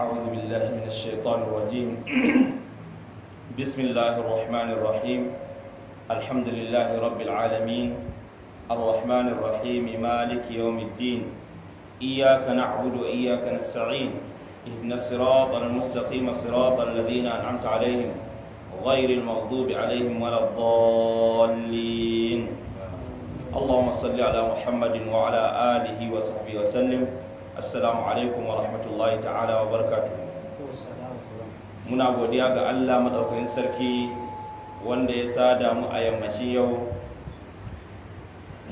أعوذ بالله من الشيطان الرجيم بسم الله الرحمن الرحيم الحمد لله رب العالمين الرحمن الرحيم مالك يوم الدين إياك نعبد وإياك نستعين اهدنا الصراط المستقيم صراط الذين أنعمت عليهم غير المغضوب عليهم ولا الضالين اللهم صل على محمد وعلى آله وصحبه وسلم assalamu alaikum wa rahmatullahi ta'ala wa barkatu muna godiya ga allah maɗaukakin sarki wanda ya sada mu a yammaci yau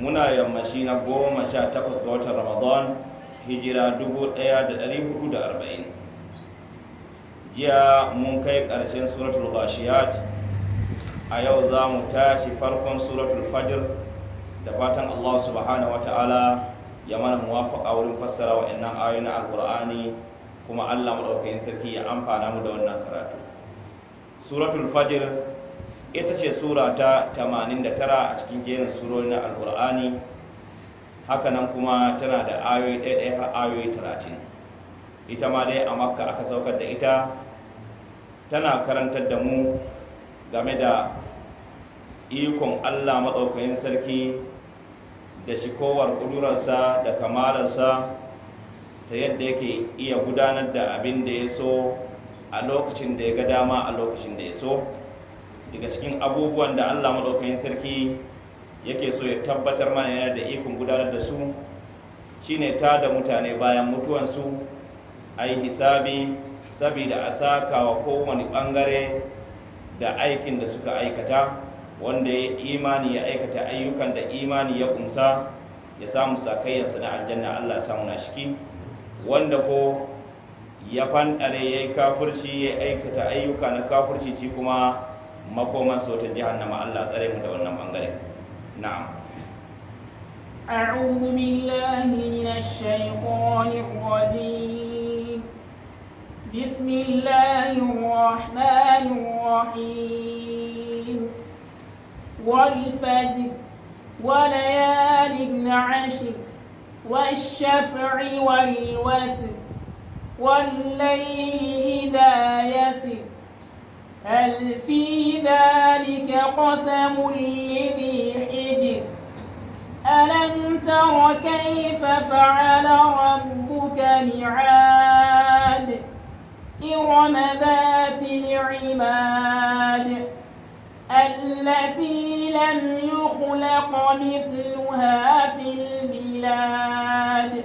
muna yammaci na goma sha takwas ga watan ramadan hijira dubu ɗaya da ɗari hudu da arba'in jiya mun kai ƙarshen suratul bashiyat a yau za mu tashi farkon suratul fajr da fatan allah subhanahu wa ta'ala ya mana muwafaqa wurin fassara wa'annan ayoyi na alqur'ani kuma Allah madaukakin sarki ya amfana mu da wannan karatu suratul fajr ita ce sura ta tara a cikin jerin surori na hakanan kuma tana da ayoyi ɗaya har ayoyi 30 ita ma dai a makka aka saukar da ita tana karantar da mu game da ikon Allah maɗaukakin sarki da shi shikowar ƙudurarsa da kamalarsa ta yadda yake iya gudanar da abin da ya so a lokacin da ya ga dama a lokacin da ya so daga cikin abubuwan da allah maɗaukakin sarki yake so ya tabbatar mana yana da ikon gudanar da su shine ta da mutane bayan mutuwansu a yi hisabi saboda a saka wa kowane ɓangare da aikin da suka aikata wanda ya imani ya aikata ayyukan da imani ya kunsa ya samu sakayyarsa na aljanna Allah samu na shiki wanda ko ya fanɗare ya yi kafurci, ya aikata ayyuka na kafurci ci kuma makoman sautin na Allah tsare mu da wannan bangare na'am أعوذ بالله من الشيطان الرجيم بسم الله الرحمن الرحيم والفجر وليال عشر والشفع والوتر والليل إذا يسر هل في ذلك قسم لذي حجر ألم تر كيف فعل ربك بعاد إرم ذات العماد التي لم يخلق مثلها في البلاد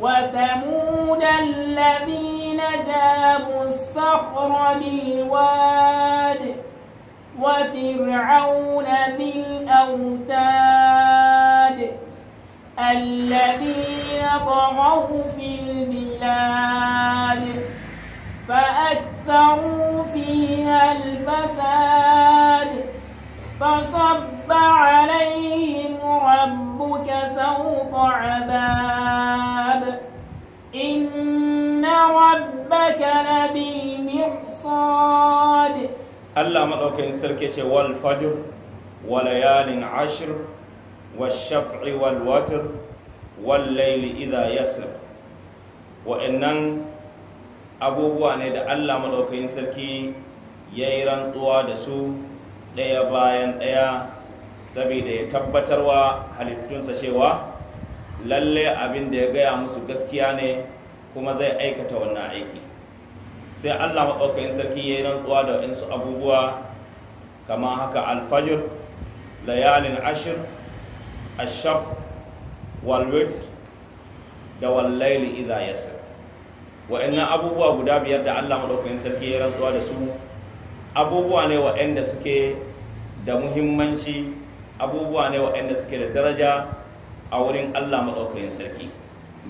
وثمود الذين جابوا الصخر بالواد وفرعون ذي الأوتاد الذين طغوا في البلاد فأكثروا فيها الفساد فصب عليهم ربك سوط عذاب إن ربك لبالمرصاد الله مدوكين سركيشي والفجر وليال عشر والشفع والوتر والليل إذا يسر وإنن abubuwa ne da allah maɗaukakin sarki ya yi rantsuwa da su ɗaya bayan ɗaya saboda ya tabbatarwa halittunsa cewa lalle abin da ya gaya musu gaskiya ne kuma zai aikata wannan aiki sai allah maɗaukakin sarki ya yi rantsuwa da waɗansu abubuwa kamar haka alfajir layalin ashir ashaf walwit da wallaili idha yasir wa'annan abubuwa guda biyar da Allah madaukakin sarki ya rantsuwa da su abubuwa ne wa'anda suke da muhimmanci abubuwa ne wa'anda suke da daraja a wurin Allah madaukakin sarki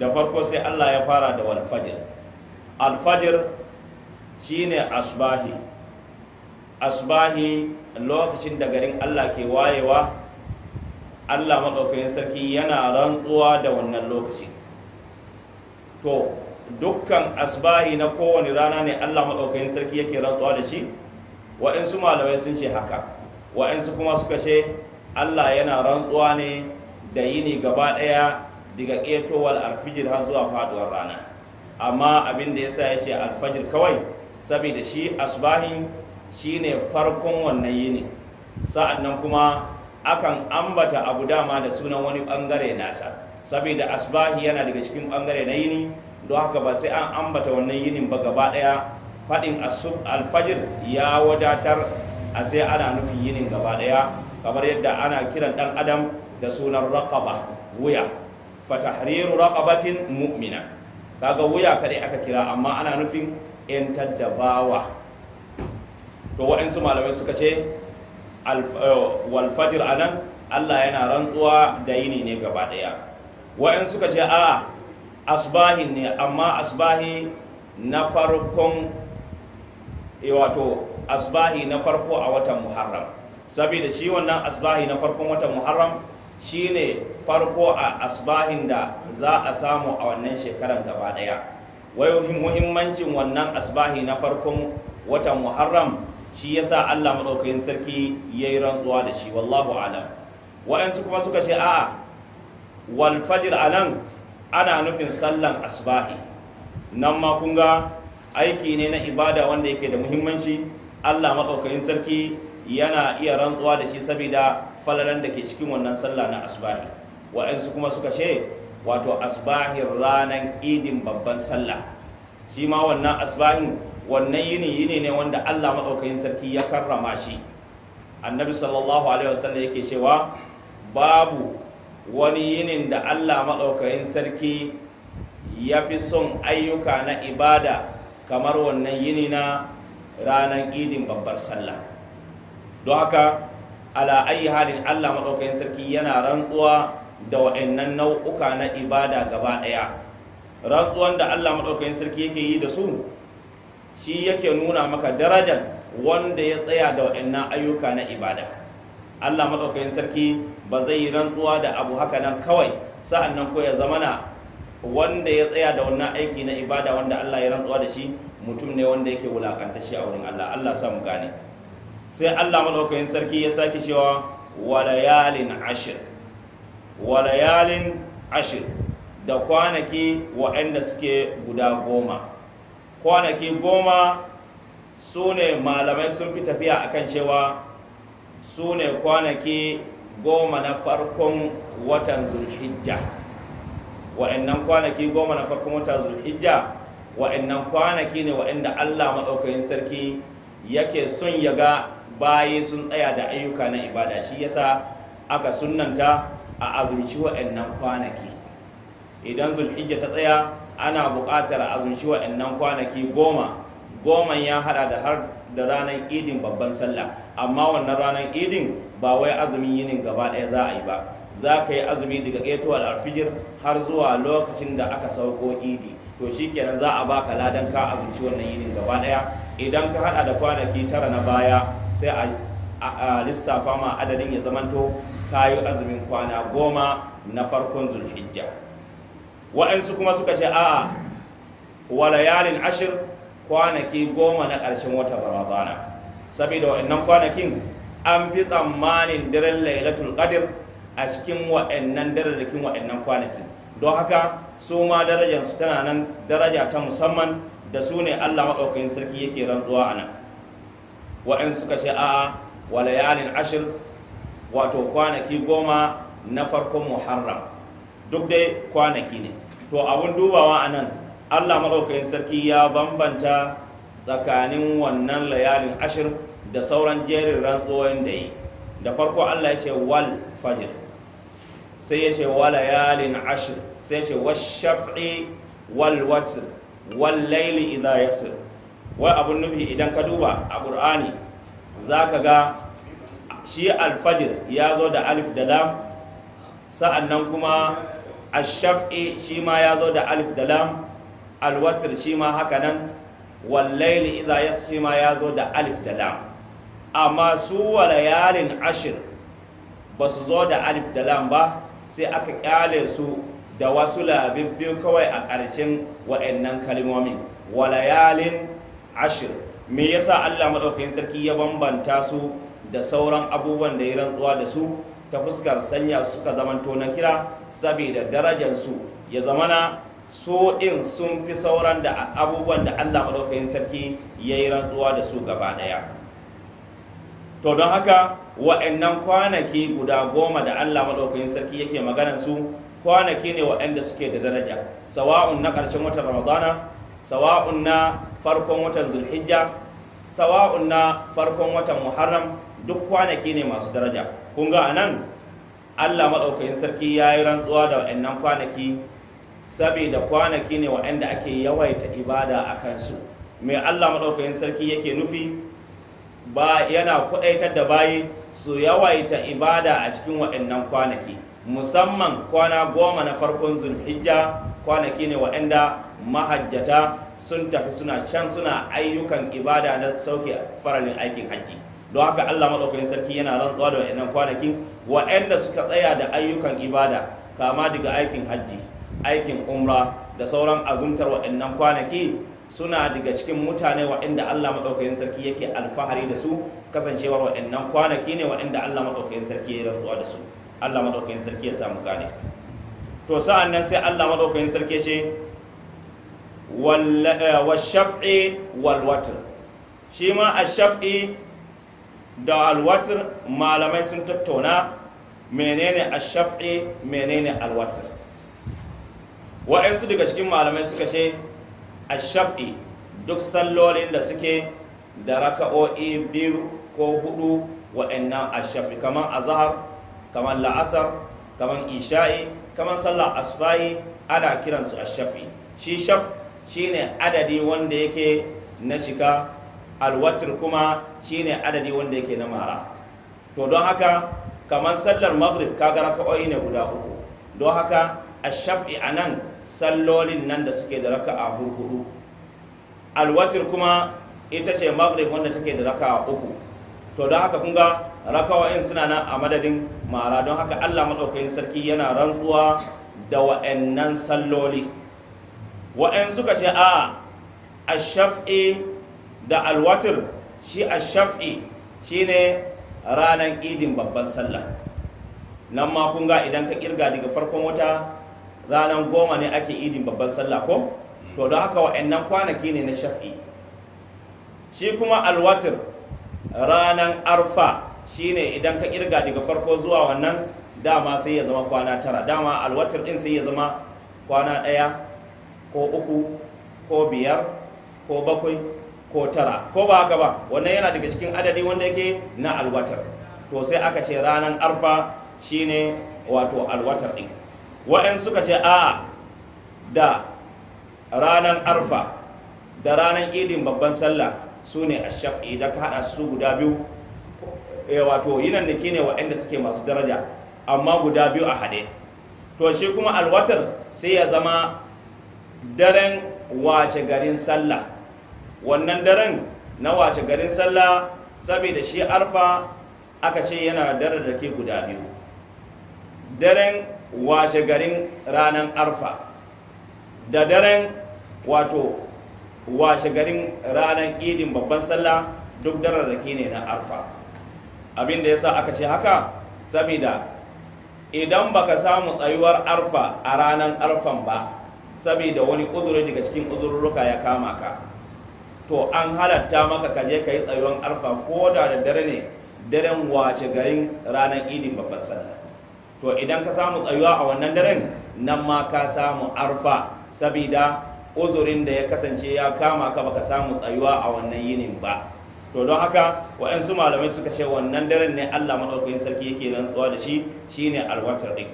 da farko sai Allah ya fara da wal fajr al fajr shine asbahi asbahi lokacin da garin Allah ke wayewa Allah madaukakin sarki yana rantsuwa da wannan lokacin to dukkan asbahi na kowane rana ne Allah maɗaukakin sarki yake rantsuwa da shi wa'insu malamai sun ce haka wa'insu kuma suka ce Allah yana rantsuwa ne da yini gaba ɗaya daga ƙetowar alfijir har zuwa faɗuwar rana amma abin da sa ya ce alfajir kawai saboda shi asbahin shine farkon wannan yini sa'an nan kuma akan ambata abu dama da sunan wani bangare nasa saboda asbahi yana daga cikin bangare na yini don haka ba sai an ambata wannan yinin ba gaba daya faɗin alfajir ya wadatar a sai ana nufin yinin gaba daya kamar yadda ana kiran dan adam da sunan raqaba wuya Fatahriru raqabatin mu'mina kaga wuya kadai aka kira amma ana nufin yantar da bawa to waɗansu malamai suka ce eh, walfajir anan Allah yana rantsuwa da yini ne gaba daya waɗansu suka ce a'a asbahin ne amma asbahi na farkon eh, wato asbahi na farko a watan muharram saboda shi wannan asbahi na farkon watan muharram shine farko a asbahin da za a samu a wannan shekaran gaba daya wai muhimmancin wannan asbahi na farkon watan muharram shi yasa Allah madaukakin sarki yayi rantsuwa da shi wallahu alam wa'ansu kuma suka ce a'a wal fajr anan ana nufin sallan asbahi nan ma kun aiki ne na ibada wanda yake da muhimmanci Allah maɗaukakin sarki yana iya rantsuwa da shi saboda falalan da ke cikin wannan sallah na asbahi waɗansu kuma suka ce wato asbahin ranar idin babban sallah shi ma wannan asbahin wannan yini yini ne wanda Allah maɗaukakin sarki ya karrama shi annabi sallallahu alaihi wasallam yake cewa babu wani yinin da Allah maɗaukakin sarki ya fi son ayyuka na ibada kamar wannan yini na ranar idin babbar sallah don haka ala ayi halin Allah maɗaukakin sarki yana rantsuwa da wa'annan nau'uka na ibada gaba ɗaya rantsuwan da Allah maɗaukakin sarki yake yi da su shi yake nuna maka darajar wanda ya tsaya da wa'annan ayyuka na ibada Allah maɗaukakin sarki ba zai yi rantsuwa da abu haka nan kawai sa'an nan ko ya zama zamana wanda ya tsaya da wannan aiki na ibada wanda Allah ya rantsuwa da shi mutum ne wanda yake wulakanta shi a wurin Allah Allah sa mu gane sai Allah madaukakin sarki ya sake cewa walayalin ashir walayalin ashir da kwanaki waɗanda suke guda goma kwanaki goma su ne malamai sun fi tafiya akan cewa su ne kwanaki goma na farkon watan zulhijja wa'annan kwanaki goma na farkon watan zulhijja wa'annan kwanaki ne wa'anda Allah maɗaukakin sarki yake son ya ga baye sun tsaya da ayyuka na ibada shi yasa aka sunnanta a azumci wa'annan kwanaki idan zulhijja ta tsaya ana buƙatar azumci wa'annan kwanaki goma goma ya hada da har da ranar idin babban sallah amma wannan ranar idin ba wai azumin yinin gaba ɗaya za a yi ba za ka yi azumi daga ƙeto alfijir har zuwa lokacin da aka sauko idi to shi kenan za a baka ladan ka abinci wannan yinin gaba ɗaya idan ka haɗa da kwanaki tara na baya sai a lissafa ma adadin ya zamanto ka yi azumin kwana goma na farkon zulhijja waɗansu kuma suka ce a'a walayalin ashir kwanaki goma na ƙarshen wata barazana saboda waɗannan kwanakin an fi tsammanin daren lailatul qadr a cikin wa'annan dararrakin wa'annan kwanaki don haka su ma darajarsu tana nan daraja ta musamman da su ne Allah maɗaukakin sarki yake rantsuwa a nan wa'in suka ce a wa layalin ashir wato kwanaki goma na farkon muharram duk dai kwanaki ne to abun dubawa a nan Allah maɗaukakin sarki ya bambanta tsakanin wannan layalin ashir da sauran jerin rantsuwan da yi da farko Allah ya ce wal fajr sai ya ce wa ashir sai ya ce wa wal watr wal layli idha yasir wai abun nufi idan ka duba a qur'ani zaka ga shi alfajir ya zo da alif da lam sa'annan kuma ash-shaf'i shi ma ya zo da alif da lam al-watr shi ma haka nan wal layli idha yasir shi ma ya zo da alif da lam amma su walayalin ashir ba su zo da alif da lam ba sai aka kyale su da wasu labibbi kawai a ƙarshen waɗannan kalmomin walayalin ashir me yasa Allah madaukakin sarki ya bambanta su da sauran abubuwan da ya rantsuwa da su ta fuskar sanya suka zamanto na kira saboda darajar su ya zamana so ɗin sun fi sauran da abubuwan da Allah madaukakin sarki ya yi rantsuwa da su gaba ɗaya to don haka wa'annan kwanaki guda goma da Allah maɗaukakin sarki yake maganar su kwanaki ne wa'anda suke da daraja sawa'un na ƙarshen watan ramadana sawa'un na farkon watan zulhijja sawa'un na farkon watan muharram duk kwanaki ne masu daraja kun ga anan Allah maɗaukakin sarki ya yi rantsuwa da wa'annan kwanaki saboda kwanaki ne wa'anda ake yawaita ibada a kansu Me Allah maɗaukakin sarki yake nufi ba yana kudaitar da bayi su yawaita ibada a cikin waɗannan kwanaki musamman kwana goma na farkon zulhijja kwanaki ne waɗanda mahajjata sun tafi suna can suna ayyukan ibada na sauke faralin aikin hajji don haka Allah maɗaukakin sarki yana rantsuwa da waɗannan kwanaki waɗanda suka tsaya da ayyukan ibada kama daga aikin hajji aikin umra da sauran azumtar waɗannan kwanaki suna daga cikin mutane waɗanda Allah maɗaukakin sarki yake alfahari da su kasancewar waɗannan kwanaki ne waɗanda Allah maɗaukakin sarki ya rantsuwa da su Allah maɗaukakin sarki ya samu gane to sa'an nan sai Allah maɗaukakin sarki ce wa eh, shaf'i wal watr shi ma a shaf'i da al watr malamai sun tattauna menene a shaf'i menene al watr wa'ansu daga cikin malamai suka ce ashafi duk sallolin da suke da raka'o'i biyu ko hudu wa'annan ashafi kamar azhar kamar la'asar kamar isha'i kamar sallar asbahi ana kiransu ashafi shi shaf shine adadi wanda yake na shika alwatir kuma shine adadi wanda yake na mara to don haka kamar sallar maghrib kaga raka'o'i ne guda uku don haka a shafi nan sallolin nan da suke da raka'a hudu alwatir kuma ita ce maghrib wanda take da raka'a uku to don haka kun rakawa rakawa'in suna nan a madadin mara don haka Allah madaukakin sarki yana rantsuwa da wa'annan salloli wa'an suka ce a shafi da alwatir shi a shafi ne ranar idin babban sallah nan ma kun idan ka kirga daga farkon wata ranar goma ne ake idin babban sallah ko to don haka wa'annan kwanaki ne na shaf'i shi kuma alwatir ranar arfa shine idan ka kirga daga farko zuwa wannan dama sai ya zama kwana tara dama alwatir ɗin sai ya zama kwana ɗaya ko uku ko biyar ko bakwai ko tara ko ba haka ba wannan yana daga cikin adadi wanda yake na alwatar to sai aka ce ranar arfa shine wato alwatar ɗin. wa'in suka ce a'a da ranar arfa da ranar idin babban sallah su ne a shafi da ka haɗa su guda biyu eh, wato yinan niki ne waɗanda suke masu daraja amma guda biyu a haɗe to shi kuma alwatar sai ya zama daren washe garin sallah wannan daren na washe garin sallah saboda shi arfa aka ce yana dare da ke guda biyu daren washe garin ranar arfa da daren wato washe garin ranar idin babban sallah duk dararraki ne na arfa abin da sa aka ce haka saboda idan baka samu tsayuwar arfa a ranar arfan ba saboda wani uzuri daga cikin uzurruka ya kama ka to an halatta maka ka je ka yi tsayuwar arfa ko da da dare ne daren washe garin ranar idin babban sallah to idan ka samu tsayuwa a wannan daren nan ma ka samu arfa sabida uzurin da ya kasance ya kama ka baka samu tsayuwa a wannan yinin ba to don haka wa'yansu malamai suka ce wannan daren ne Allah maɗaukakin sarki yake rantsuwa da shi shine alwatar ɗin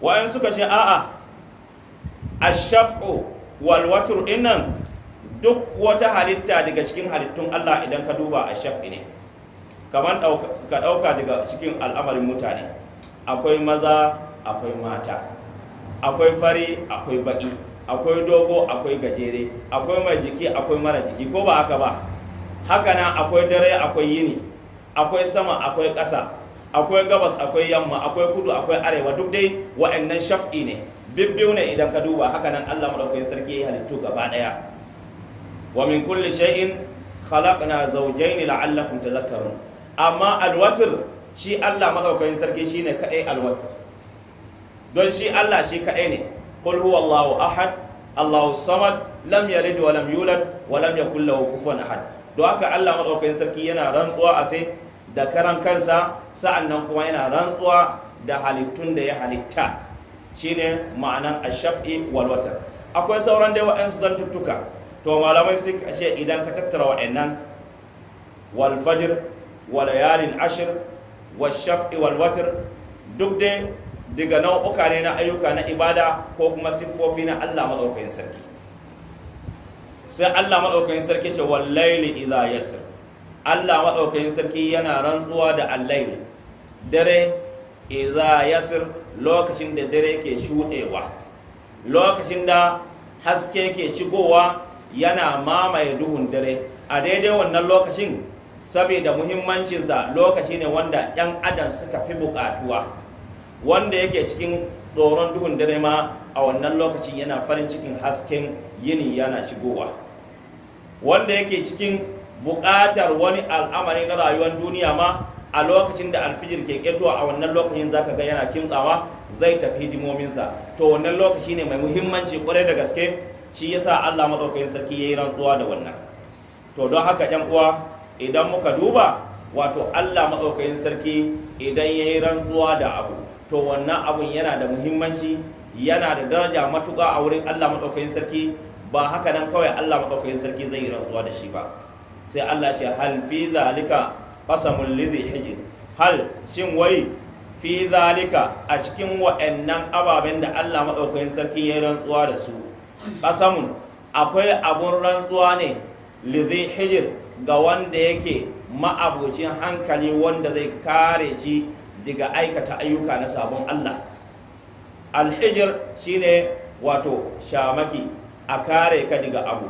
wa'yansu suka ce a'a ashaf'u shaf'u walwatur ɗin duk wata halitta daga cikin halittun Allah idan ka duba shaf'i ne kamar ka ɗauka daga cikin al'amarin mutane akwai maza akwai mata akwai fari akwai baƙi akwai dogo akwai gajere akwai mai jiki akwai mara jiki ko ba haka ba haka na akwai dare akwai yini akwai sama akwai ƙasa akwai gabas akwai yamma akwai kudu akwai arewa duk dai wa'annan shaf'i ne bibbiyu ne idan ka duba hakanan nan Allah madaukakin sarki ya halittu gaba daya wa min kulli shay'in khalaqna zawjayn la'allakum tadhakkarun amma alwatir shi Allah madaukakin sarki shine kadai alwat don shi Allah shi kadai ne qul huwallahu ahad Allahu samad lam yalid wa lam yulad wa lam yakul lahu kufuwan ahad don haka Allah madaukakin sarki yana rantsuwa a sai da karan kansa sa'annan kuma yana rantsuwa da halittun da ya halitta shine ma'anan ash-shaf'i wal watar akwai sauran dai wa'ansu zantuttuka to malamai sai ka ce idan ka tattara wa'annan wal fajr wa layalin ashr wa shaf'i wal duk dai daga nau'uka ne na ayyuka na ibada ko kuma siffofi na Allah madaukakin sarki sai Allah madaukakin sarki ce wal layli yasr Allah madaukakin sarki yana rantsuwa da al dare idha yasr lokacin da dare ke shuɗewa. lokacin da haske ke shigowa yana mamaye duhun dare a daidai wannan lokacin saboda muhimmancinsa lokaci ne wanda 'yan adam suka fi bukatuwa wanda yake cikin tsoron duhun dare ma a wannan lokacin yana farin cikin hasken yini yana shigowa wanda yake cikin bukatar wani al'amari na rayuwar duniya ma a lokacin da alfijir ke ƙetowa a wannan lokacin zaka ga yana kimtsawa zai tafi hidimominsa to wannan lokaci ne mai muhimmanci kwarai da gaske shi yasa Allah madaukakin sarki ya yi rantsuwa da wannan to don haka 'yan uwa idan muka duba wato Allah maɗaukakin sarki idan ya yi rantsuwa da abu to wannan abun yana da muhimmanci yana da daraja matuƙa a wurin Allah maɗaukakin sarki ba haka nan kawai Allah maɗaukakin sarki zai yi rantsuwa da shi ba sai Allah ce hal fi zalika qasamul lidhi hijr hal shin wai fi zalika a cikin waɗannan ababen da Allah maɗaukakin sarki ya yi rantsuwa da su qasamun akwai abun rantsuwa ne lidhi hijir? ga wanda yake ma'abocin hankali wanda zai kare ji daga aikata ayyuka na sabon Allah alhijir ne wato shamaki a kare ka daga abu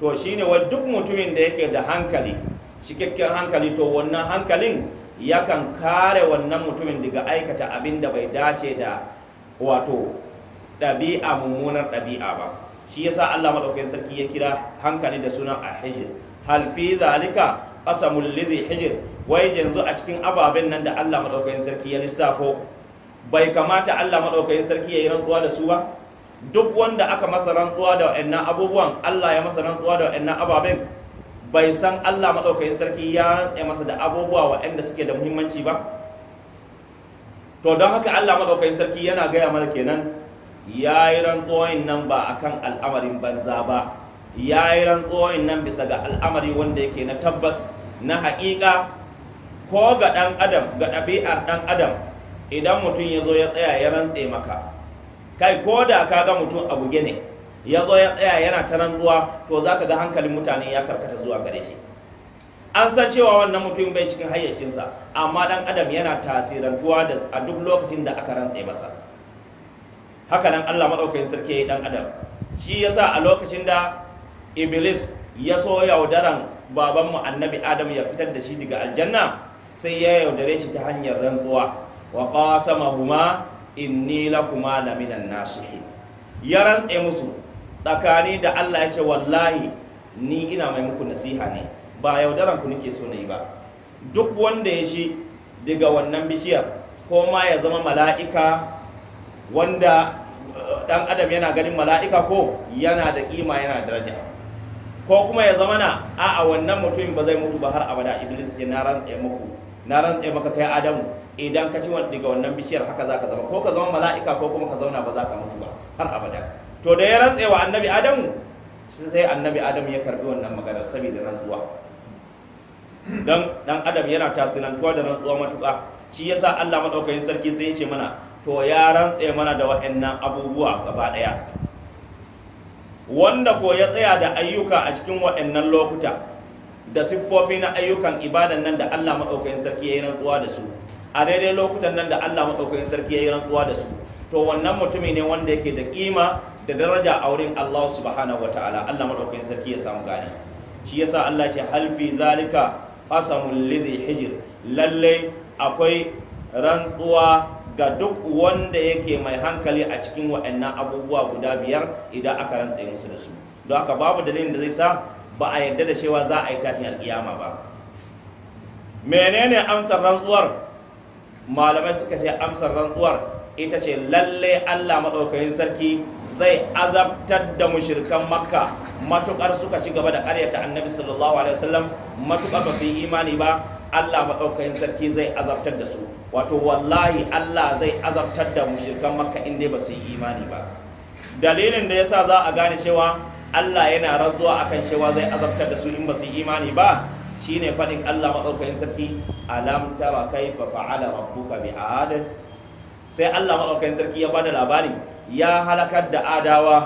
to shi ne wa duk mutumin da yake da hankali cikakken hankali to wannan hankalin yakan kare wannan mutumin daga aikata abin da bai dace da wato ɗabi'a mummunar ɗabi'a ba shi yasa Allah madaukakin sarki ya kira hankali da sunan alhijir hal fi zalika qasamul lidhi hijr wai yanzu a cikin ababen nan da Allah madaukakin sarki ya lissafo bai kamata Allah madaukakin sarki ya yi rantsuwa da su ba duk wanda aka masa rantsuwa da wa'annan abubuwan Allah ya masa rantsuwa da wa'annan ababen bai san Allah madaukakin sarki ya rantsa masa da abubuwa wa'anda suke da muhimmanci ba to don haka Allah maɗaukakin sarki yana gaya mana kenan ya yi rantsuwan nan ba akan al'amarin banza ba ya yi rantsuwoyin nan bisa ga al'amari wanda yake na tabbas na haƙiƙa ko ga ɗan adam ga ɗabi'ar ɗan adam idan mutum ya zo ya tsaya ya rantse maka kai ko da ka ga mutum a buge ne ya zo ya tsaya yana ta rantsuwa to za ka ga hankalin mutane ya karkata zuwa gare shi an san cewa wannan mutum bai cikin hayyacinsa amma ɗan adam yana tasirantuwa a duk lokacin da aka rantse masa haka allah maɗaukakin sarki ya yi ɗan adam shi yasa a lokacin da iblis ya so yaudaran babanmu annabi adam ya fitar da shi daga aljanna sai ya yaudare shi ta hanyar rantsuwa wa huma inni lakuma minan nasihin ya rantse musu tsakani da Allah ya ce wallahi ni ina mai muku nasiha ne ba yaudaran ku nake so na ba duk wanda ya shi daga wannan bishiyar ko ma ya zama mala'ika wanda dan eh, adam yana ganin mala'ika ko yana da kima yana daraja ko kuma ya zama na a a wannan mutumin ba zai mutu ba har abada iblis ji na ran tsaye muku na ran tsaye maka kai adamu idan ka ci daga wannan bishiyar haka za ka zama ko ka zama mala'ika ko kuma ka zauna ba za ka mutu ba har abada to da ya rantse wa annabi adamu sai annabi adamu ya karbi wannan magana saboda rantsuwa don dan adam yana tasirantuwa da rantsuwa matuƙa shi yasa Allah madaukakin sarki sai ya ce mana to ya rantse mana da waɗannan abubuwa gaba daya wanda ko ya tsaya da ayyuka a cikin waɗannan lokuta da siffofi na ayyukan ibadan nan da Allah maɗaukakin sarki ya yi rantsuwa da su a daidai lokutan nan da Allah maɗaukakin sarki ya yi rantsuwa da su to wannan mutumi ne wanda yake da kima da daraja a wurin Allah subhanahu wa ta'ala Allah maɗaukakin sarki ya samu gane shi yasa Allah shi halfi zalika qasamul lidhi hijr Lallai, akwai rantsuwa ga duk wanda yake mai hankali a cikin wa'annan abubuwa guda biyar idan aka rantsa musu da su don haka babu dalilin da zai sa ba a yarda da cewa za a yi tashin alkiyama ba menene amsar rantsuwar malamai suka ce amsar rantsuwar ita ce lalle Allah maɗaukakin sarki zai azabtar da mushrikan makka matukar suka ci gaba da ƙaryata annabi sallallahu alaihi wasallam matukar ba su yi imani ba Allah maɗaukakin sarki zai azabtar da su wato wallahi Allah zai azabtar da mushrikan makka in dai ba su yi imani ba dalilin da yasa za a gane cewa Allah yana rantsuwa akan cewa zai azabtar da su in ba su yi imani ba shine faɗin Allah maɗaukakin sarki alam tara kaifa fa'ala rabbuka bi adad sai Allah maɗaukakin sarki ya bada labarin ya halakar da adawa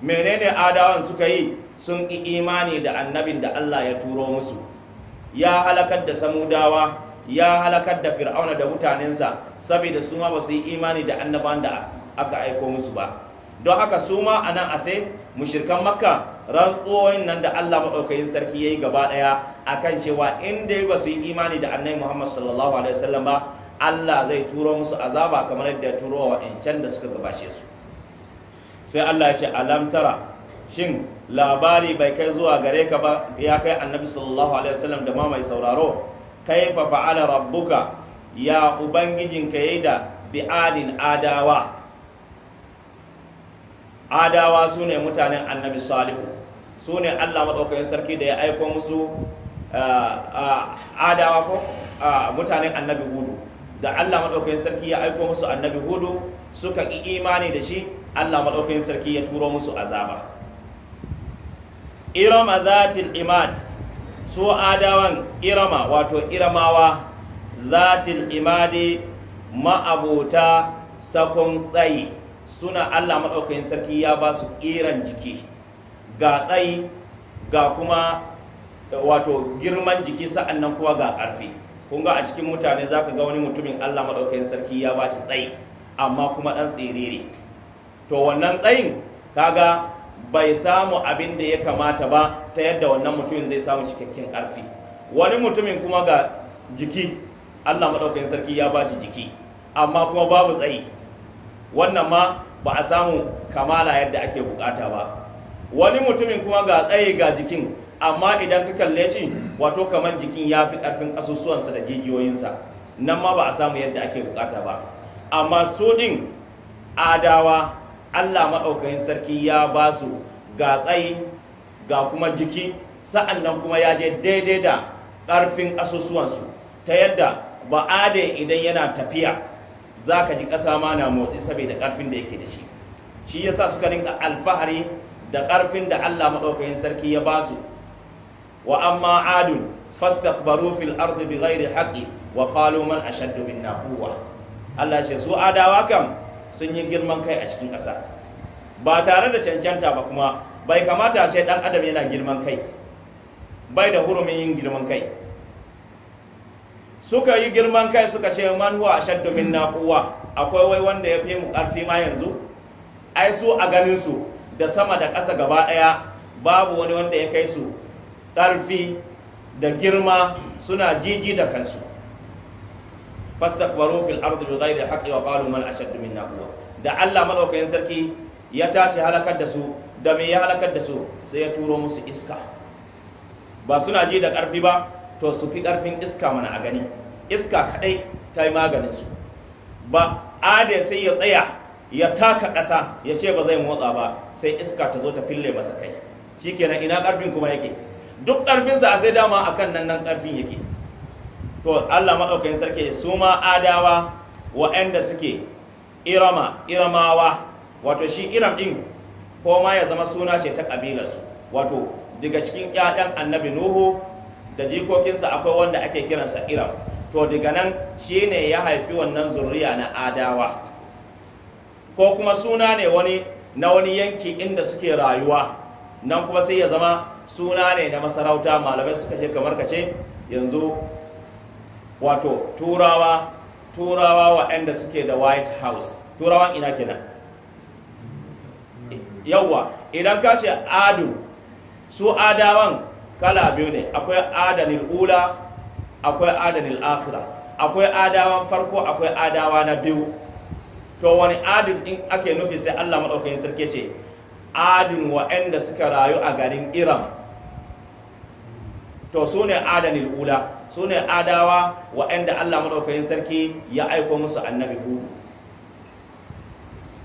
menene adawan suka yi sun ƙi imani da annabin da Allah ya turo musu ya halakar da samudawa ya halakar da fir'auna da mutanensa saboda su ma ba su yi imani da annaban da aka aiko musu ba don haka su ma a nan ase mushirkan makka rantsuwoyin nan da allah maɗaukayin sarki ya yi gaba ɗaya a kan cewa inda ba su yi imani da annabi muhammad sallallahu alaihi wasallam ba allah zai turo musu azaba kamar yadda ya turo wa da suka gabashe su sai allah ya ce alam shin labari bai kai zuwa gare ka ba ya kai annabi sallallahu alaihi wasallam da ma mai sauraro fa fa'ala rabbuka ya ubangijin ka yayi da bi'adin adawa adawa su ne mutanen annabi salihu su ne allah maɗaukakin sarki da ya aiko musu adawa ko mutanen annabi hudu da allah maɗaukakin sarki ya aiko musu annabi hudu suka ƙi imani da shi allah maɗaukakin sarki ya turo musu azaba irama zatil imad su adawan irama wato iramawa zatil imadi ma'abota sakon tsayi suna allah maɗaukakin sarki ya ba su iran jiki ga tsayi ga kuma wato girman jiki sa'annan kuma ga ƙarfi kun ga a cikin mutane za ka ga wani mutumin allah maɗaukakin sarki ya ba shi tsayi amma kuma ɗan tsiriri to wannan tsayin kaga bai samu abin da ya kamata ba ta yadda wannan mutumin zai samu cikakken ƙarfi wani mutumin kuma ga jiki Allah maɗaukakin sarki ya ba shi jiki amma kuma babu tsayi wannan ma ba a samu kamala yadda ake bukata ba wani mutumin kuma ga tsayi ga jikin amma idan ka kalle shi wato kamar jikin ya fi ƙarfin ƙasusuwansa da jijiyoyinsa nan ma ba a samu yadda ake bukata ba amma su ɗin adawa Allah maɗaukayin sarki ya ba su ga tsayi ga kuma jiki sa'an nan kuma ya je daidai da ƙarfin asusuwansu ta yadda ba ade idan yana tafiya za ka ji ƙasa ma na motsi saboda ƙarfin da yake da shi shi yasa suka rinka alfahari da ƙarfin da Allah maɗaukakin sarki ya ba su wa amma adun fasta fil arziki, ghairi haƙi wa qalu man ashaddu na quwwa Allah ce su adawa kam sun yi girman kai a cikin ƙasa ba tare da cancanta ba kuma bai kamata sai ɗan adam yana girman kai bai da hurumin yin girman kai suka yi girman kai suka ce man huwa domin na quwwa akwai wai wanda ya fi mu ƙarfi ma yanzu ai su a ganin su da sama da ƙasa gaba ɗaya babu wani wanda ya kai su ƙarfi da girma suna jiji da kansu fastakbaru fil ardi bi ghairi haqqi wa qalu man ashaddu minna quwwa da Allah madaukakin sarki ya tashi halakar da su da me ya halakar da su sai ya turo musu iska ba suna ji da karfi ba to su fi karfin iska mana a gani iska kadai ta yi maganin su ba ade sai ya tsaya ya taka ƙasa ya ce ba zai motsa ba sai iska ta zo ta fille masa kai shikenan ina karfin kuma yake duk ƙarfinsa a sai dama akan nan nan karfin yake to Allah maɗaukakin sarki su ma adawa waɗanda suke irama iramawa wato shi iram din? ko ma ya zama suna ce ta ƙabilarsu wato daga cikin ƴaƴan annabi nuhu da jikokinsa akwai wanda ake kiransa iram to daga nan shine ya haifi wannan zuriya na adawa ko kuma suna ne wani na wani yanki inda suke rayuwa nan kuma sai ya zama suna ne na masarauta malamai suka ce kamar kace yanzu wato turawa turawa waɗanda suke da white house turawan ina kenan yawwa idan ka ce adu su adawan kala biyu ne akwai adanil ula akwai adanil akhira akwai adawan farko akwai adawa na biyu to wani adin din ake nufi sai Allah madaukakin sarki ce adin waɗanda suka rayu a garin Iram to su ne adanil ula su ne adawa waɗanda Allah maɗaukakin sarki ya aiko musu annabi hudu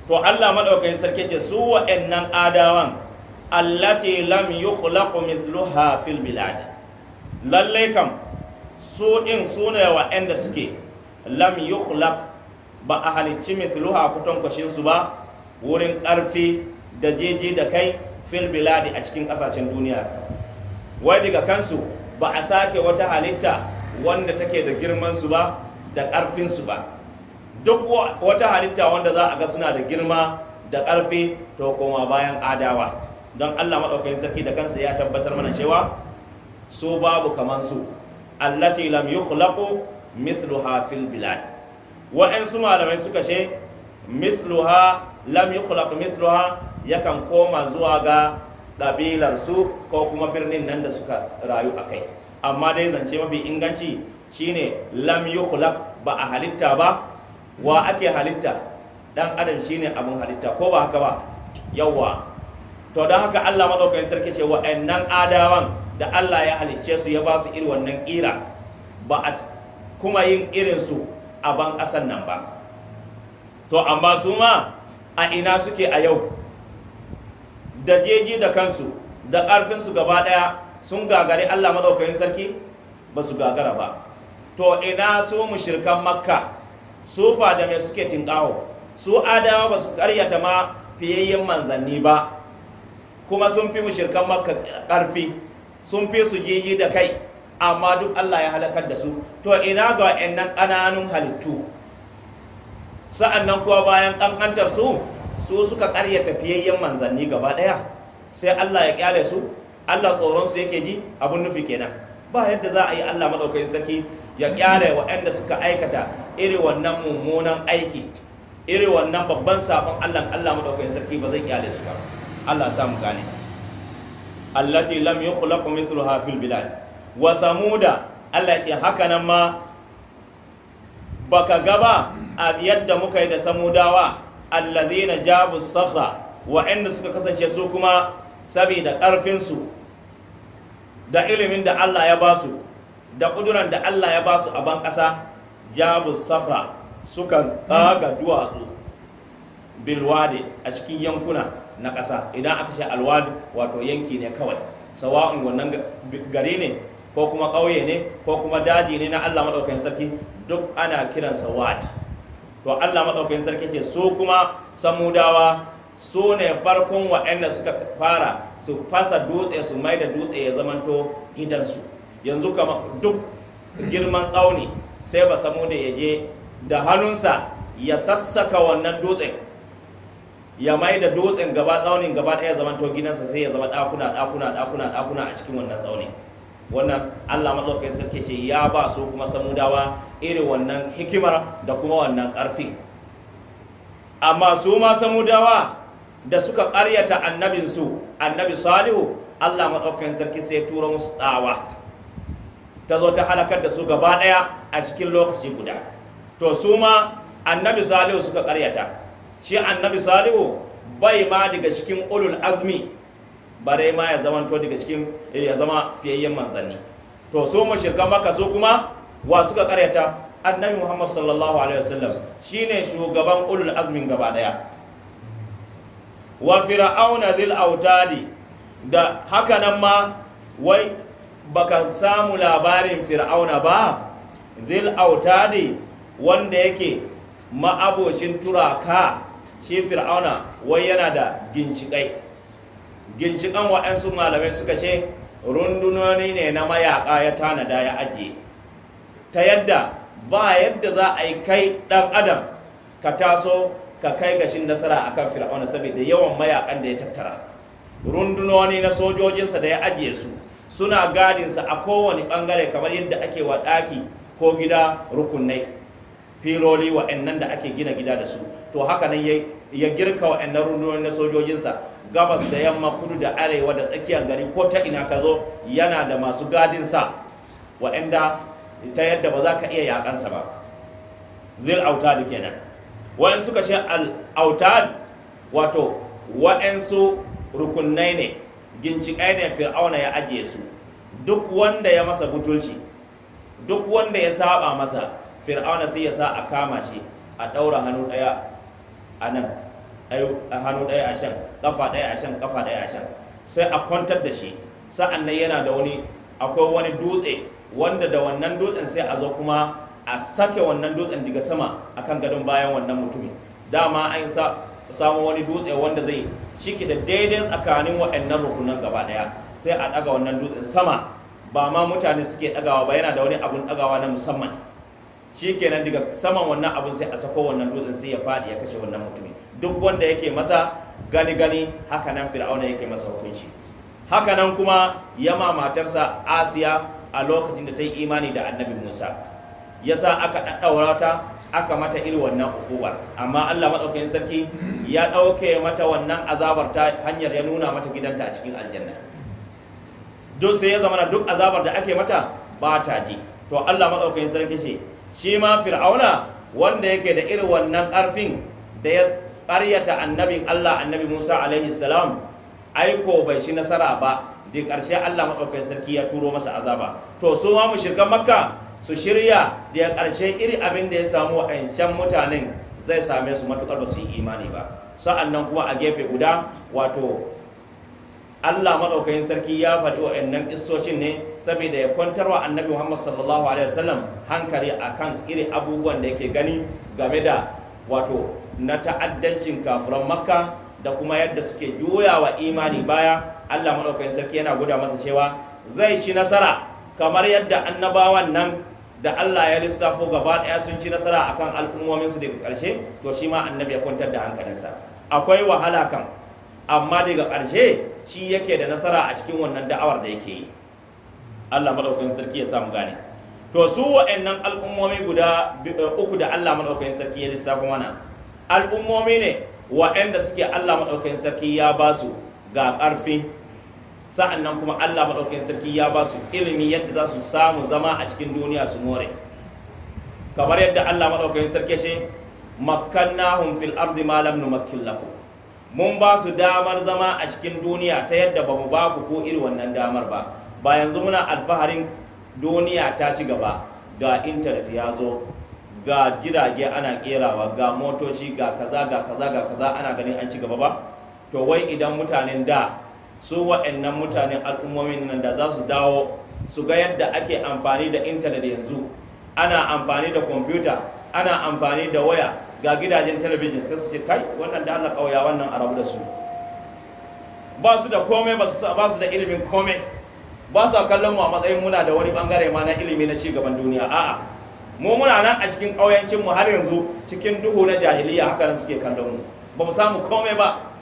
to Allah maɗaukakin sarki ce su waɗannan adawan allati lam yukhlaqu mithluha fil bilad lallai kam su ɗin su ne waɗanda suke lam yukhlaq ba a halicci mithluha kuton kwashin ba wurin ƙarfi da jeji da kai fil biladi a cikin ƙasashen duniya wai daga kansu ba a sake wata halitta wanda take da girman su ba da ƙarfin su ba duk wata halitta wanda za a ga suna da girma da ƙarfi to koma bayan adawa don Allah maɗaukakin sarki da kansa ya tabbatar mana cewa su babu kaman su allati lam yukhlaqu mithluha fil bilad wa'ansu malamai suka ce mithluha lam yukhlaqu mithluha yakan koma zuwa ga ƙabilarsu ko kuma birnin nan da suka rayu a kai amma dai zance mafi inganci shine lam yukhlaq ba a halitta ba wa ake halitta dan adam shine abin halitta ko ba haka ba Yawwa. to don haka Allah madaukakin sarki ce nan adawan da Allah ya halicce su ya ba su irin wannan ƙira ba a kuma yin irinsu a ban ƙasan nan ba to amma su ma a ina suke a yau da jeji da kansu da ƙarfinsu gaba ɗaya sun gagari Allah maɗaukakin sarki ba su gagara ba to ina su mushirkan makka su da mai suke tinƙawo su adawa ba su ƙaryata ma fiyayyen manzanni ba kuma sun fi mushirkan makka ƙarfi sun fi su jeji da kai amma duk Allah ya halakar da su to ina ga ƴan nan ƙananun halittu sa'annan kuwa bayan ƙanƙantar su su suka karya tafiyayyen manzanni gaba daya sai Allah ya kyale su Allah tsoron su yake ji abun nufi kenan ba yadda za a yi Allah madaukakin sarki ya kyale waɗanda suka aikata iri wannan mummunan aiki iri wannan babban sabon Allah Allah madaukakin sarki ba zai kyale su ba Allah ya samu gane allati lam yukhlaq mithluha fil bilad wa samuda Allah ce haka nan ma baka gaba a yadda muka yi da samudawa allazina jabu sakhra inda suka kasance su kuma saboda ƙarfinsu da ilimin da Allah ya basu da kuduran da Allah ya basu a ban ƙasa jabu sakhra suka tsaga duwatsu bilwade a cikin yankuna na ƙasa idan aka ce alwadi wato yanki ne kawai sawa'un wannan gari ne ko kuma ƙauye ne ko kuma daji ne na Allah maɗaukakin sarki duk ana kiransa wadi to Allah madaukakin sarki ce su kuma samudawa su ne farkon waɗanda suka fara su fasa dutse su mai da dutse ya zamanto gidansu yanzu kama duk girman tsauni sai ba samu da ya je da hannunsa ya sassaka wannan dutse ya mai da dutsen gaba tsaunin gaba ɗaya zamanto gidansa sai ya zama ɗakuna ɗakuna ɗakuna ɗakuna a cikin wannan tsaunin wannan Allah madaukakin sarki shi ya ba su kuma samudawa irin wannan hikimar da kuma wannan ƙarfi amma su ma samudawa da suka ƙaryata annabinsu annabi salihu Allah madaukakin sarki sai tura musu tsawa ta zo ta halakar da su gaba ɗaya a cikin lokaci guda to su ma annabi salihu suka ƙaryata shi annabi salihu bai ma daga cikin ulul azmi bare ma ya zama to daga cikin eh, ya zama fiyayyen manzanni to so mu shirka maka so kuma wa suka karyata annabi muhammad sallallahu alaihi wasallam shine shugaban ulul azmin gaba daya wa fir'auna zil autadi da haka nan ma wai baka samu labarin fir'auna ba zil autadi wanda yake ma'abocin turaka shi fir'auna wai yana da ginshiƙai ginshiƙan waɗansu malamai suka ce rundunoni ne na mayaƙa ya tanada ya ajiye ta yadda ba yadda za a yi kai ɗan adam ka taso ka kai gashin nasara akan fir'auna saboda yawan mayakan da ya tattara rundunoni na sojojinsa da ya ajiye su suna gadinsa a kowane ɓangare kamar yadda ake wa ɗaki ko gida rukunai filoli wa'annan da ake gina gida da su to haka nan ya girka wa'annan rundunar na sojojinsa gabas da yamma kudu da arewa da tsakiyar gari ko ta ina ka zo yana da masu gadin sa waɗanda ta yadda ba za ka iya yakansa ba zil autad kenan wa'in suka ce al autad wato waɗansu rukunnai ne gincikai ne fir'auna ya ajiye su duk wanda ya masa butulci duk wanda ya saba masa fir'auna sai ya sa a kama shi a ɗaura hannu ɗaya a nan a hannu ɗaya a shan kafa ɗaya a shan kafa ɗaya a shan sai a kwantar da shi sa'an nan yana da wani akwai wani dutse wanda da wannan dutsen sai a zo kuma a sake wannan dutsen daga sama akan gadon bayan wannan mutumin dama an sa samu wani dutse wanda zai shiki da daidai tsakanin waɗannan rukunan gaba ɗaya sai a ɗaga wannan dutsen sama ba ma mutane suke ɗagawa ba yana da wani abun ɗagawa na musamman shi kenan daga saman wannan abun sai a sako wannan dutsen sai ya faɗi ya kashe wannan mutumin duk wanda yake masa gani gani hakanan fir'auna yake masa hukunci hakanan kuma yama matarsa asiya a lokacin da ta yi imani da annabi musa yasa aka ɗaɗɗaura ta aka mata iri wannan hukubar amma Allah madaukakin sarki ya ɗauke mata wannan azabar ta hanyar ya nuna mata gidanta a cikin aljanna duk sai ya zama duk azabar da ake mata ba ta ji to Allah madaukakin sarki ce shi ma fir'auna wanda yake da iri wannan ƙarfin da ya ƙaryata annabin Allah annabi Musa alaihi salam aiko bai shi nasara ba da ƙarshe Allah matsaukai sarki ya turo masa azaba to su ma mu shirka makka su shirya da ƙarshe iri abin da ya samu 'yancan mutanen zai same su matuƙar ba su yi imani ba sa'annan kuma a gefe guda wato Allah maɗaukakin sarki ya faɗi wa nan istocin ne saboda ya kwantar wa annabi Muhammad sallallahu alaihi wasallam hankali akan iri abubuwan da yake gani game da wato na ta'addancin kafiran makka da kuma yadda suke juyawa imani baya allah maɗaukakin sarki yana guda masa cewa zai ci nasara kamar yadda annabawan nan da allah ya lissafo gaba ɗaya sun ci nasara akan al'ummominsu daga ƙarshe to shi ma annabi ya kwantar da hankalinsa akwai wahala kan amma daga ƙarshe shi yake da nasara a cikin wannan da'awar da yake yi allah maɗaukakin sarki ya samu gane to su wa'annan al'ummomi guda eh, uku da allah maɗaukakin sarki ya lissafo mana al'ummomi ne waɗanda suke Allah maɗaukakin sarki ya ba su ga ƙarfi nan kuma Allah maɗaukakin sarki ya ba su ilimi yadda za su samu zama a cikin duniya su more kamar yadda Allah maɗaukakin sarki shi hun fil ardi malam lam numakkin mun ba su damar zama a cikin duniya ta yadda ba mu ba ku ko iri wannan damar ba ba yanzu muna alfaharin duniya ta ci gaba ga intanet ya zo ga jirage ana kerawa ga motoci ga kaza ga kaza ga kaza ana ganin an ci gaba ba to wai idan mutanen da su wa'annan mutanen al'ummomin nan da za su dawo su ga yadda ake amfani da intanet yanzu ana amfani da kwamfuta ana amfani da waya ga gidajen talabijin sai su ce kai wannan da Allah kauya wannan a rabu da su ba su da komai ba su da ilimin komai ba su kallon mu a matsayin muna da wani bangare ma na ilimi na cigaban duniya a'a mu muna nan a cikin ƙauyancin mu har yanzu cikin duhu na jahiliya haka nan suke kallon mu ba mu samu komai ba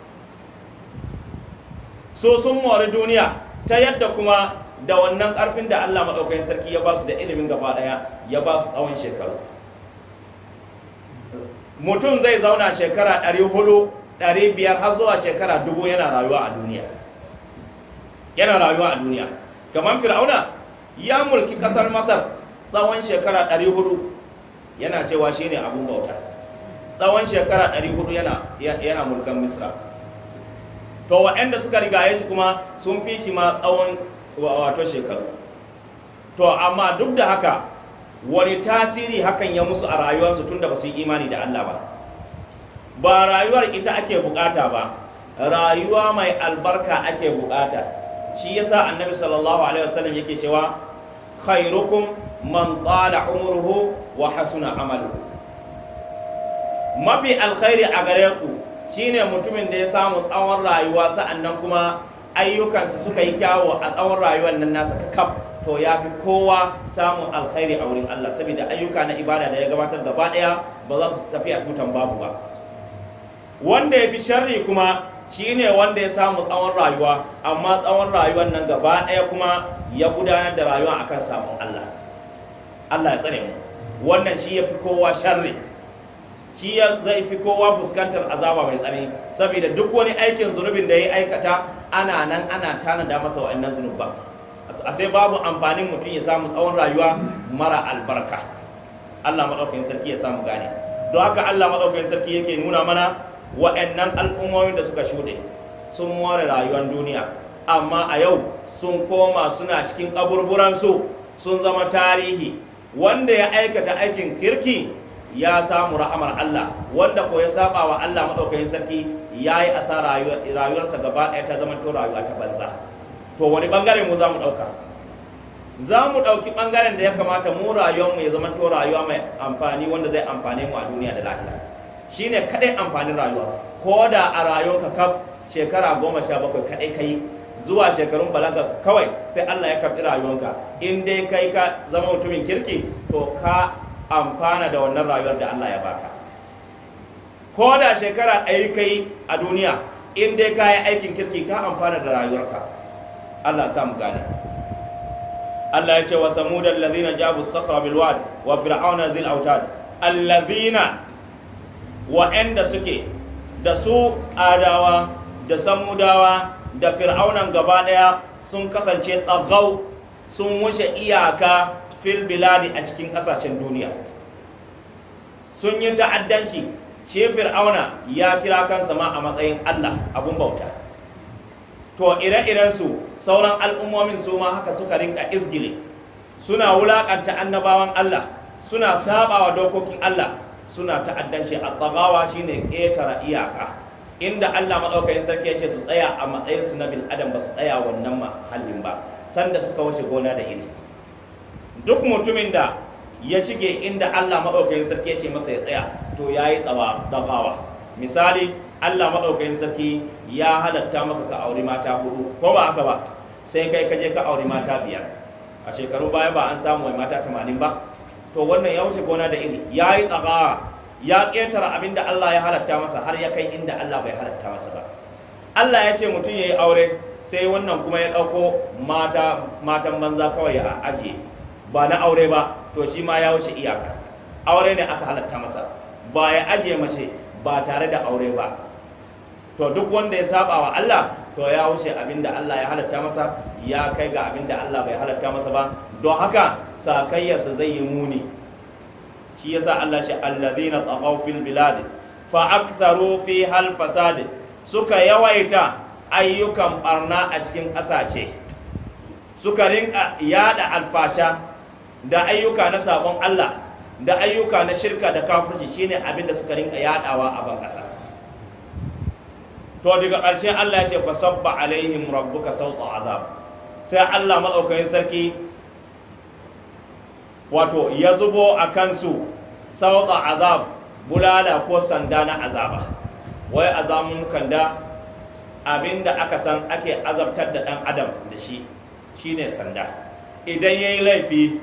so sun mori duniya ta yadda kuma da wannan ƙarfin da Allah maɗaukakin sarki ya ba su da ilimin gaba ɗaya ya ba su tsawon shekaru mutum zai zauna shekara ɗari hudu ɗari biyar har zuwa shekara dubu yana rayuwa a duniya yana rayuwa a duniya kamar fir'auna ya mulki ƙasar masar tsawon shekara 400 yana cewa shi ne abun bauta tsawon shekara 400 yana yana mulkan misra to waɗanda suka rigaye shi kuma sun fi shi ma tsawon wato shekaru to amma duk da haka wani tasiri hakan ya musu a rayuwarsu tunda ba su yi imani da Allah ba ba rayuwar ita ake bukata ba rayuwa mai albarka ake bukata shi yasa annabi sallallahu alaihi wasallam yake cewa khairukum man tsala umruhu wa hasuna amaluhu mafi alkhairi a gare ku shine mutumin da ya samu tsawon rayuwa sa'annan kuma ayyukansa suka yi kyawo a tsawon rayuwar nan nasa kakaf to ya fi kowa samun alkhairi a wurin Allah saboda ayyuka na ibada da ya gabatar gaba daya ba za su tafi a tutan babu ba wanda ya fi sharri kuma shine wanda ya samu tsawon rayuwa amma tsawon rayuwar nan gaba daya kuma ya gudanar da rayuwa akan samun Allah Allah ya tsare mu wannan shi ya fi kowa sharri shi ya zai fi kowa fuskantar azaba mai tsanani saboda duk wani aikin zunubin da ya aikata ana nan ana tanada masa wa'annan zunuba a sai babu amfanin mutum ya samu tsawon rayuwa mara albarka Allah maɗaukakin sarki ya samu gane don haka Allah maɗaukakin sarki yake nuna mana wa'annan al'ummomin da suka shuɗe sun more rayuwar duniya amma a yau sun koma suna cikin su sun zama tarihi wanda ya aikata aikin kirki ya samu rahamar Allah wanda ko ya saba wa Allah madaukakin sarki ya yi asa rayuwarsa gaba ɗaya ta zama to rayuwa ta banza to wani bangare mu za mu ɗauka za mu ɗauki bangaren da ya kamata mu rayuwar mu ya zama to rayuwa mai amfani wanda zai amfane mu a duniya da lahira shine kadai amfanin rayuwa ko da a rayuwarka kaf shekara goma sha bakwai kaɗai ka zuwa shekarun balaga kawai sai Allah ya karɓi rayuwanka in dai kai ka zama mutumin kirki to ka amfana da wannan rayuwar da Allah ya baka ko da shekara ɗaya kai a duniya in dai ka yi aikin kirki ka amfana da rayuwarka Allah sa mu gane Allah ya ce wa samud allazina jabu sakhra bil wad wa fir'auna zil autad allazina wa'anda suke da su adawa da samudawa da fir'aunan gaba daya sun kasance tsagau sun wuce iyaka fil biladi a cikin kasashen duniya sun yi ta'addanci shi fir'auna ya kira kansa ma a matsayin Allah abun bauta to ire-iren su sauran al'ummomin su ma haka suka rinka izgile suna wulakanta annabawan Allah suna sabawa dokokin Allah suna ta'addanci A tsagawa shine ƙetara iyaka inda Allah maɗaukakin sarki ya ce su tsaya a matsayin su na bil adam ba su tsaya wannan mahallin ba sanda suka wuce gona da iri duk mutumin da ya shige inda Allah maɗaukakin sarki ya ce masa ya tsaya to ya yi tsawa dagawa misali Allah maɗaukakin sarki ya halatta maka ka auri mata hudu ko ba haka ba sai kai ka je ka auri mata biyar a shekaru baya ba an samu mai mata tamanin ba to wannan ya wuce gona da iri ya yi tsawa ya ƙetara abin da Allah ya halatta masa har ya kai inda Allah bai halatta masa ba Allah ya ce mutum ya yi aure sai wannan kuma ya ɗauko matan banza kawai ya ajiye ba na aure ba to shi ma ya wuce iyaka aure ne aka halatta masa ba ya ajiye mace ba tare da aure ba to duk wanda ya saba wa Allah to ya wuce abin da Allah ya halatta masa ya kai ga abin da Allah bai halatta masa ba don haka sakayyarsa zai yi muni shi yasa Allah shi allazina taghaw fil bilad fa aktharu fi hal fasad suka yawaita ayyukan barna a cikin ƙasashe suka rinka yada alfasha da ayyuka na sabon Allah da ayyuka na shirka da kafirci shine abin da suka rinka yadawa a ban ƙasa to daga ƙarshe Allah ya ce fasabba alaihim rabbuka sawta azab sai Allah madaukakin sarki wato ya zubo a kansu sauƙa azab bulala ko sanda na azaba wai azamun kanda abinda aka san ake azabtar da ɗan adam da shi shine sanda idan ya yi laifi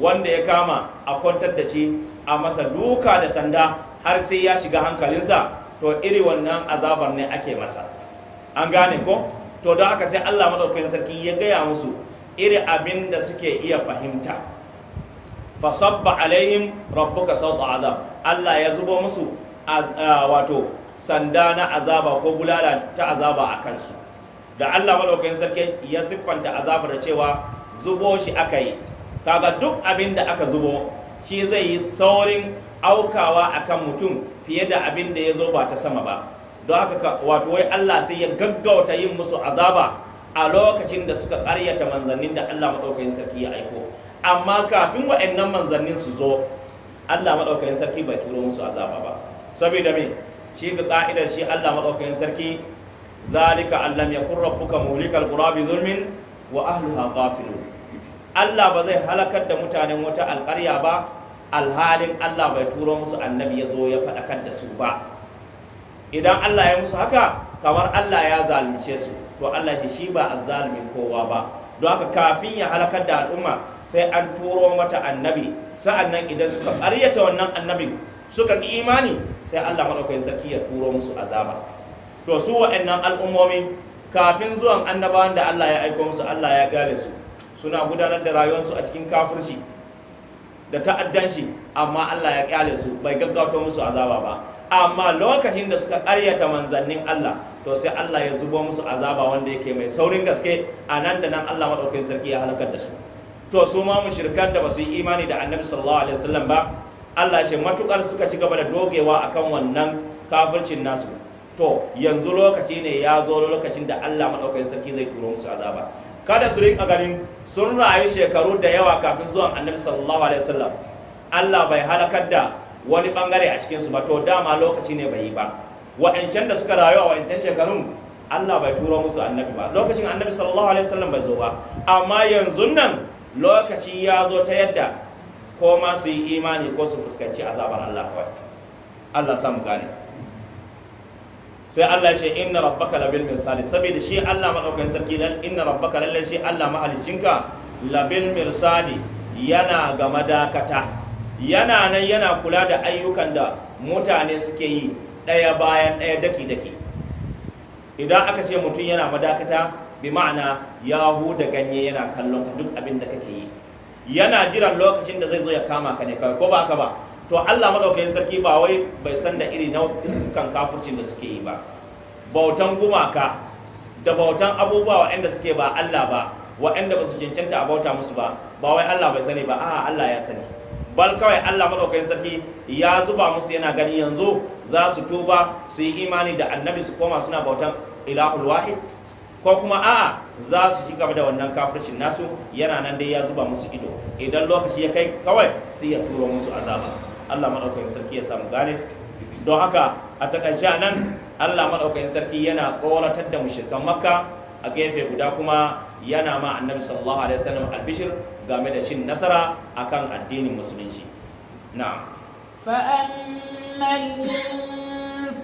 wanda ya kama a kwantar da shi a masa duka da sanda har sai ya shiga hankalinsa to iri wannan azabar ne ake masa an gane ko to don aka sai Allah madaukakin sarki ya gaya musu iri abin da suke iya fahimta fasabba alaihim rabbuka sauta azab Allah ya zubo musu wato sanda na azaba ko bulala ta azaba a kansu da Allah madaukakin sarki ya siffanta azabar cewa zubo shi aka yi kaga duk abin da aka zubo shi zai yi saurin aukawa akan mutum fiye da abin da ya zo ba ta sama ba don haka wato wai Allah sai ya gaggauta yin musu azaba a lokacin da suka ƙaryata manzannin da Allah madaukakin sarki ya aiko amma kafin wa'annan manzannin su zo Allah maɗaukakin sarki bai turo musu azaba ba saboda me shi ga ƙa'idar shi Allah maɗaukakin sarki zalika allam yakun rabbuka muhlikal qura bi zulmin wa ahliha ghafilun Allah ba zai halakar da mutanen wata alƙarya ba alhalin Allah bai turo musu annabi ya zo ya faɗakar da su ba idan Allah ya musu haka kamar Allah ya zalunce su to Allah shi shi ba azzalimin kowa ba don haka kafin ya halakar da al'umma sai an turo mata annabi sa'annan idan suka ƙaryata wannan annabin suka ki imani sai Allah madaukakin sarki ya turo musu azaba to su wa'annan al'ummomi kafin zuwan annabawan da Allah ya aiko musu Allah ya gane su suna gudanar da rayuwarsu a cikin kafirci da ta'addanci amma Allah ya kyale su bai gaggauta musu azaba ba amma lokacin da suka ƙaryata manzannin Allah to sai Allah ya zubo musu azaba wanda yake mai saurin gaske a nan da nan Allah madaukakin sarki ya halakar da su to su ma mushrikan da ba su yi imani da annabi sallallahu alaihi wasallam ba Allah shi matukar suka ci gaba da dogewa akan wannan kafircin nasu to yanzu lokaci ne ya zo lokacin da Allah madaukakin sarki zai turo musu azaba kada su rinka ganin sun rayu shekaru da yawa kafin zuwan annabi sallallahu alaihi wasallam Allah bai halakar da wani bangare a cikin su ba to dama lokaci ne bai yi ba wa'ancan da suka rayu a wa'ancan shekarun Allah bai turo musu annabi ba lokacin annabi sallallahu alaihi wasallam bai zo ba amma yanzu nan lokaci ya zo ta yadda ko ma su yi imani ko su fuskanci azabar Allah kawai Allah sa mu gane sai Allah shi inna rabbaka labil mirsali saboda shi Allah madaukakin sarki na inna rabbaka lalle shi Allah mahalicinka labil mirsali yana ga madakata yana nan yana kula da ayyukan da mutane suke yi ɗaya bayan ɗaya daki daki idan aka ce mutum yana madakata bi ma'ana Yahuda ganye yana kallon ka duk abin da kake yi yana jiran lokacin da zai zo ya kama ka ne kawai ko ba ka ba to Allah madaukakin sarki ba wai bai san da iri nau'ukan kafircin da suke yi ba bautan gumaka da bautan abubuwa waɗanda suke ba Allah ba waɗanda ba su cancanta a bauta musu ba ba wai Allah bai sani ba a Allah ya sani bal kawai Allah madaukakin sarki ya zuba musu yana gani yanzu za su tuba su yi imani da annabi su koma suna bautan ilahul wahid ko kuma a'a za su ci gaba da wannan kafircin nasu yana nan dai ya zuba musu ido idan lokaci ya kai kawai sai ya turo musu azaba Allah madaukakin sarki ya samu gane don haka a takaice nan Allah madaukakin sarki yana koratar da mushrikan makka a gefe guda kuma yana ma annabi sallallahu alaihi wasallam albishir game da shin nasara akan addinin musulunci na'am fa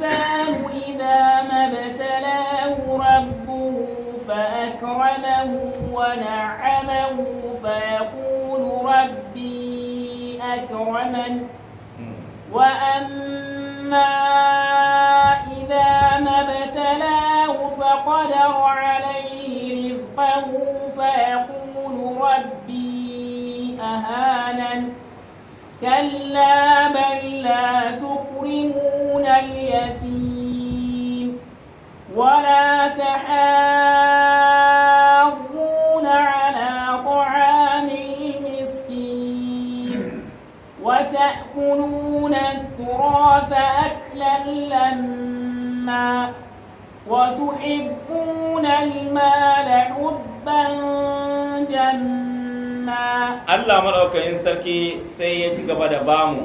الإنسان إذا ما ابتلاه ربه فأكرمه ونعمه فيقول ربي أكرمن وأما إذا ما ابتلاه فقدر عليه رزقه فيقول ربي أهانن كلا بل لا تكرمون اليتيم ولا تحاضون على طعام المسكين وتأكلون التراث أكلا لما وتحبون المال حبا جما Allah maɗaukakin sarki sai ya ci gaba da bamu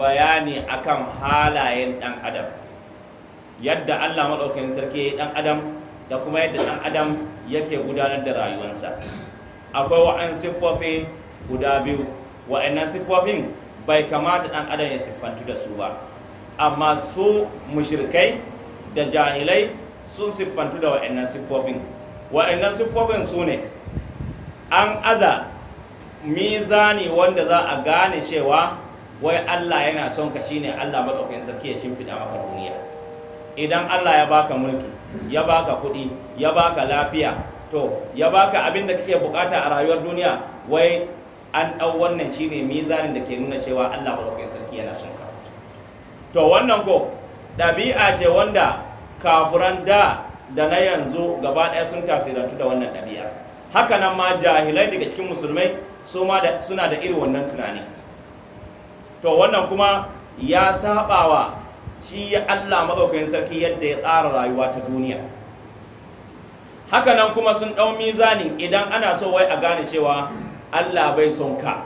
bayani akan halayen ɗan adam yadda Allah maɗaukakin sarki ɗan adam da kuma yadda ɗan adam yake gudanar da rayuwarsa akwai wa'an siffofi guda biyu wa'annan siffofin bai kamata ɗan adam ya siffantu da su ba amma su mushrikai da jahilai sun siffantu da wa'annan siffofin wa'annan siffofin su ne an aza mizani wanda za a gane cewa wai Allah yana son ka shine Allah madaukakin sarki ya shimfida maka duniya idan Allah ya baka mulki ya baka kuɗi ya baka lafiya to ya baka abin da kake bukata a rayuwar duniya wai an ɗau wannan shine mizanin da ke nuna cewa Allah madaukakin sarki yana son ka to wannan ko ɗabi'a ce wanda kafuran da da na yanzu gaba ɗaya sun tasirantu da wannan ɗabi'a haka nan ma jahilai daga cikin musulmai ma suna da irin wannan tunani to wannan kuma ya sabawa shi ya Allah maɗaukakin sarki yadda ya tsara rayuwa ta duniya hakanan kuma sun ɗau mizanin idan ana so wai a gane cewa Allah bai son ka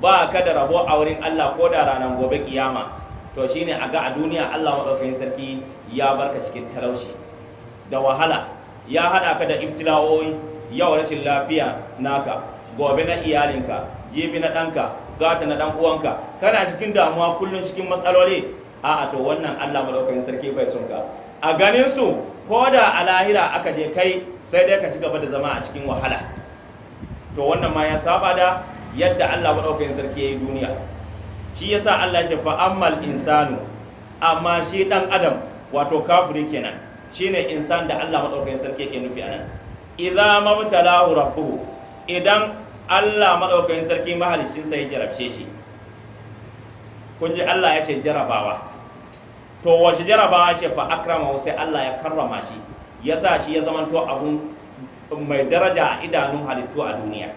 ba ka da rabo a wurin Allah ko da ranar gobe kiyama to shine a ga a duniya Allah maɗaukakin sarki ya barka cikin talauci da wahala ya haɗa ka da ibtila'o'i yawa rashin lafiya naka gobe na iyalinka jibi na ɗanka gata na ɗan uwanka kana cikin damuwa kullum cikin matsaloli a'a to wannan Allah madaukakin sarki bai son ka a ganin su ko da a lahira aka je kai sai dai ka ci gaba da zama a cikin wahala to wannan ma ya saba da yadda Allah madaukakin sarki ya yi duniya shi ya sa Allah ya fa ammal insanu amma shi dan adam wato kafiri kenan shine insan da Allah madaukakin sarki ke nufi anan idza mabtalahu rabbuhu idan Allah maɗaukakin sarki mahalicinsa sai jarabce shi kun ji Allah ya ce jarabawa to wa shi jarabawa ce fa akrama sai Allah ya karrama shi ya sa shi ya to abun mai daraja a idanun halittu a duniya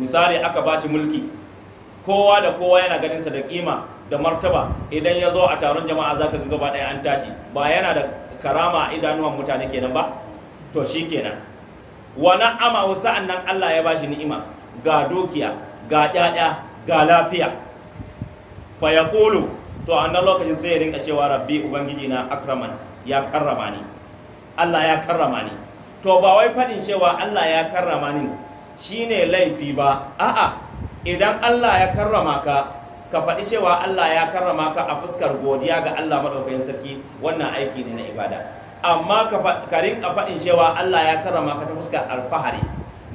misali aka ba shi mulki kowa da kowa yana ganinsa da kima da martaba idan ya zo a taron jama'a zaka ga gaba ɗaya an tashi ba yana da karama a idanuwan mutane kenan ba to shi kenan wa na'ama sa'an nan Allah ya bashi ni'ima ga dukiya, ga ƴaƴa ga lafiya fa yaqulu to a nan lokacin sai ya rinka cewa rabbi ubangiji na akraman ya karrama ni Allah ya karrama ni to ba wai faɗin cewa Allah ya karrama ni shi ne laifi ba a'a idan Allah ya karrama ka ka faɗi cewa Allah ya karrama ka a fuskar godiya ga Allah maɗaukakin sarki wannan aiki ne na ibada amma ka rinka faɗin cewa Allah ya karama ka ta fuskar alfahari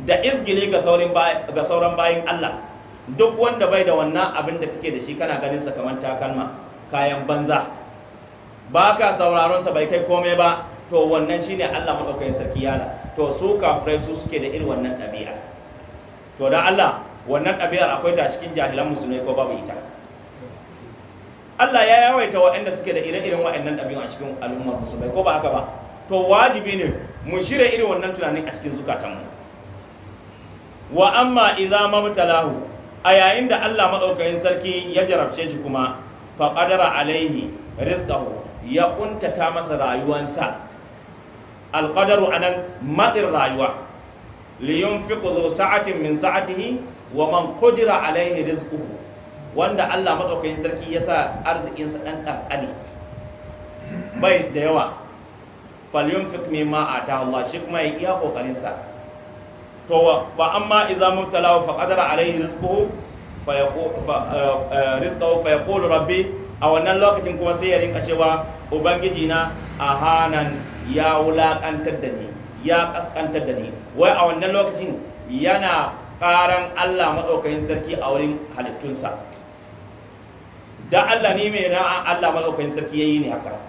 da izgili ga sauran bayan Allah duk wanda bai da wannan abin da kake da shi kana ganin sa takalma kayan banza ba ka sauraron sa bai kai komai ba to wannan shine Allah madaukakin sarki yana to su kafirai su suke da irin wannan ɗabi'a to da Allah wannan ɗabi'ar akwai ta cikin jahilan musulmai ko babu ita Allah ya yawaita waɗanda suke da ire-iren waɗannan ɗabi'un a cikin al'ummar musulmai ko ba haka ba to wajibi ne mu shirya irin wannan tunanin a cikin zukatanmu wa amma idza mabtalahu a yayin da Allah madaukakin sarki ya jarabce shi kuma fa qadara alaihi rizqahu ya kuntata masa rayuwansa alqadaru anan madir rayuwa li yunfiqu sa'atin min sa'atihi wa man qadara alaihi rizquhu wanda Allah madaukakin sarki ya sa arzikinsa ɗan ƙanƙani bai da yawa falyunfiq mimma ata Allah shi kuma ya iya ƙoƙarinsa. to wa amma idza mubtala fa qadara alayhi rizquhu fa eh, eh, rizquhu fa yaqulu rabbi a wannan lokacin kuma sai ya rinka cewa ubangiji na a hanan ya wulakantar da ni ya kaskantar da ni wai a wannan lokacin yana ƙaran Allah maɗaukakin sarki a wurin halittunsa da Allah ni mai na Allah malaukakin sarki yayi ne haka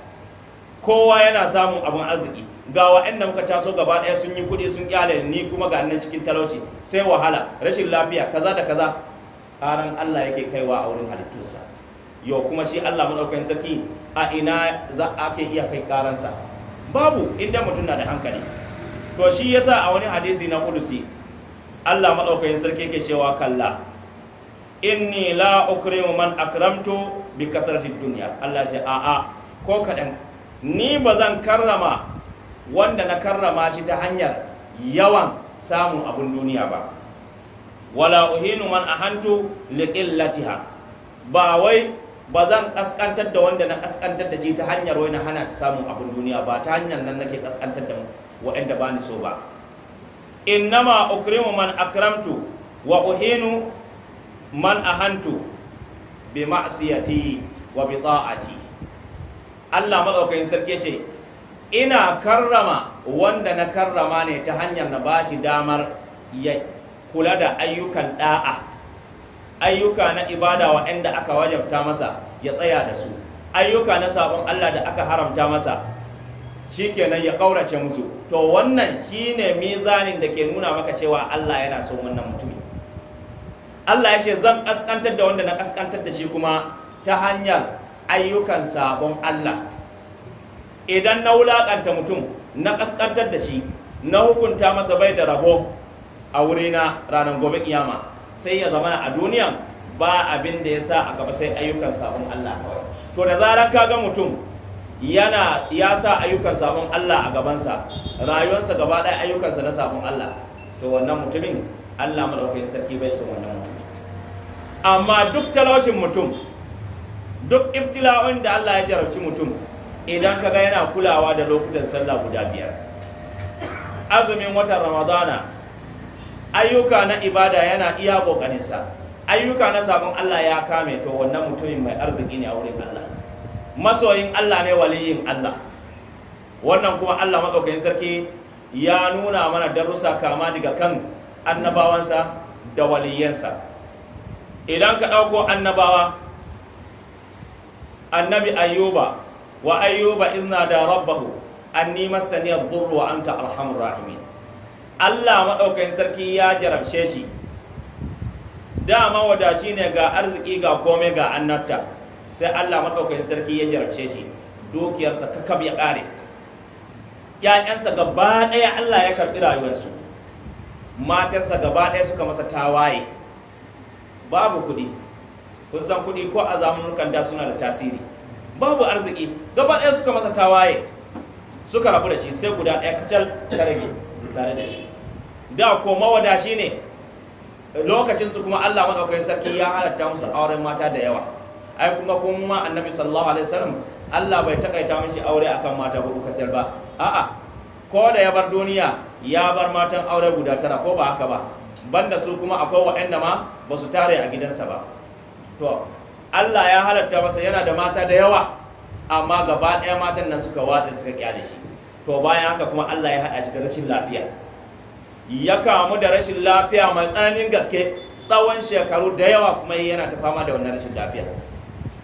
kowa yana samun abin arziki ga wa'anda muka taso gaba ɗaya sun yi kuɗi sun kyale ni kuma ga nan cikin talauci sai wahala rashin lafiya kaza da kaza karan Allah yake kaiwa a wurin halittunsa yau kuma shi Allah madaukakin sarki a ina za a ke iya kai karansa babu inda mutum na da hankali to shi yasa a wani hadisi na kudusi Allah madaukakin sarki yake cewa kalla inni la ukrimu man akramtu bi kathratid dunya Allah ya a'a ko kadan ni bazan karrama wanda na karrama shi ta hanyar yawan samun abun duniya ba wala uhinu man ahantu liqillatiha ba wai ba zan kaskantar da wanda na kaskantar da shi ta hanyar wai na hana shi samun abun duniya ba ta hanyar nan nake kaskantar da wa'anda ba ni so ba innama ukrimu man akramtu wa uhinu man a hantu bi ma'siyati wa bi ta'ati Allah madaukakin sarki ce ina karrama wanda na karrama ne ta hanyar na bashi damar ya kula da ayyukan ɗa'a. ayyuka na ibada waɗanda aka wajabta masa ya tsaya da su ayyuka na sabon Allah da aka haramta masa shikenan ya ƙaurace musu to wannan shine mizanin da ke nuna maka cewa Allah yana son wannan mutumin Allah ya ce zan kaskantar da wanda na kaskantar da shi kuma ta hanyar ayyukan sabon Allah idan na wulaƙanta mutum na kaskantar da shi na hukunta masa bai da rabo a wurina ranar gobe kiyama sai ya zama a duniya ba abin da ya sa a gaba sai ayyukan sabon Allah to da zarar ka ga mutum yana ya sa ayyukan sabon Allah a gabansa rayuwarsa gaba ɗaya ayyukansa na sabon Allah to wannan mutumin Allah madaukakin sarki bai son wannan mutum amma duk talaucin mutum duk ibtila'un da Allah ya jarabci mutum idan ka ga yana kulawa da lokutan sallah guda biyar azumin watan ramadana ayyuka na ibada yana iya ƙoƙarinsa ayyuka na sabon Allah ya kame to wannan mutumin mai arziki ne a wurin Allah masoyin Allah ne waliyin Allah wannan kuma Allah maɗaukakin sarki ya nuna mana darussa kama daga kan annabawansa da waliyansa idan ka ɗauko annabawa annabi ayyuba wa ayyuba izna da rabbahu anni masani ad-durr wa anta alhamur rahimin Allah madaukakin sarki ya jarabce shi dama wada shi ne ga arziki ga komai ga annabta sai Allah madaukakin sarki ya jarabce shi dukiyarsa kakab ya kare ƴaƴansa gaba ɗaya Allah ya karɓi rayuwarsu matarsa gaba ɗaya suka masa tawaye babu kuɗi kun san kuɗi ko a zamanukan da suna da tasiri babu arziki gaba ɗaya suka masa tawaye suka rabu da shi sai guda ɗaya kacal ta rage tare da shi da ko mawadashi ne lokacin su kuma Allah madaukakin sarki ya halatta musu auren mata da yawa ai kuma kuma annabi sallallahu alaihi wasallam Allah bai takaita mishi aure akan mata hudu kacal ba a'a ko da ya bar duniya ya bar matan aure guda tara ko ba haka ba banda su kuma akwai waɗanda ma ba su tare a gidansa ba to Allah ya halatta masa yana da mata da yawa amma gaba ɗaya matan nan suka watsa suka kyale shi to bayan haka kuma Allah ya haɗa shi da rashin lafiya ya kamu da rashin lafiya mai tsananin gaske tsawon shekaru da yawa kuma yana ta fama da wannan rashin lafiya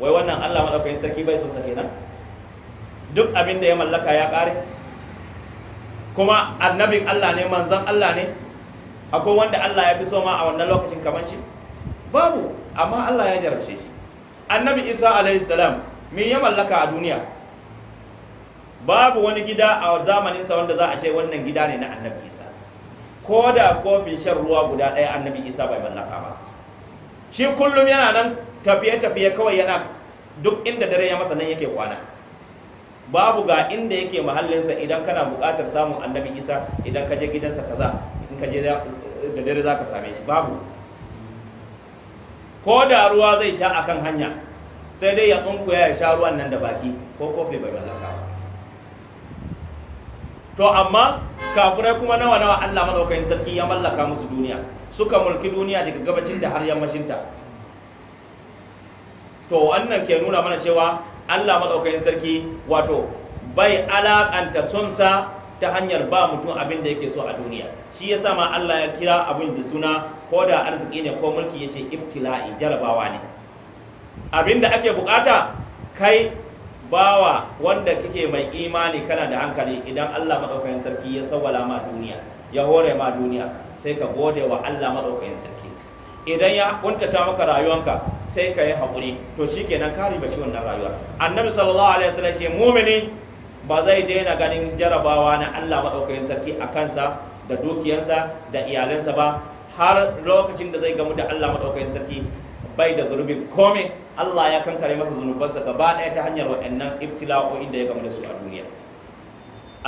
wai wannan Allah madaukakin sarki bai son nan? duk abin da ya mallaka ya kare. kuma annabin Allah ne manzon Allah ne akwai wanda Allah ya fi so ma a wannan lokacin kamar shi babu amma Allah ya jarabce shi annabi Isa alaihi salam me ya mallaka a duniya babu wani gida a zamaninsa wanda za a ce wannan gida ne na annabi Isa ko da kofin shan ruwa guda ɗaya annabi Isa bai mallaka ba shi kullum yana nan tafiye-tafiye kawai yana duk inda dare ya masa nan yake kwana babu ga inda yake mahallinsa idan kana buƙatar samun annabi isa idan ka je gidansa kaza in ka je da dare za ka same shi babu ko da ruwa zai sha a kan hanya sai dai ya kunkuya ya sha ruwan nan da baki ko kofi bai mallaka ba to amma kafirai kuma nawa nawa Allah madaukakin sarki ya mallaka musu duniya suka mulki duniya daga gabacin ta har yammacinta to wannan ke nuna mana cewa Allah madaukakin sarki wato bai alaƙanta sonsa ta hanyar ba mutum abin da yake so a duniya shi yasa ma Allah ya kira abin da suna ko da arziki ne ko mulki yace ibtila'i jarabawa ne abin da ake bukata kai bawa wanda kake mai imani kana da hankali idan Allah madaukakin sarki ya sawwala ma duniya ya hore ma duniya sai ka gode wa Allah madaukakin sarki idan ya kuntata maka rayuwanka sai ka yi haƙuri to shikenan ka riba shi wannan rayuwa annabi sallallahu alaihi wasallam ce mu'mini ba zai daina ganin jarabawa na Allah maɗaukakin sarki a kansa da dukiyansa da iyalansa ba har lokacin da zai gamu da Allah maɗaukakin sarki bai da zunubi kome Allah ya kankare masa zunubansa gaba ɗaya ta hanyar waɗannan ibtila'o'in da ya gamu da su a duniya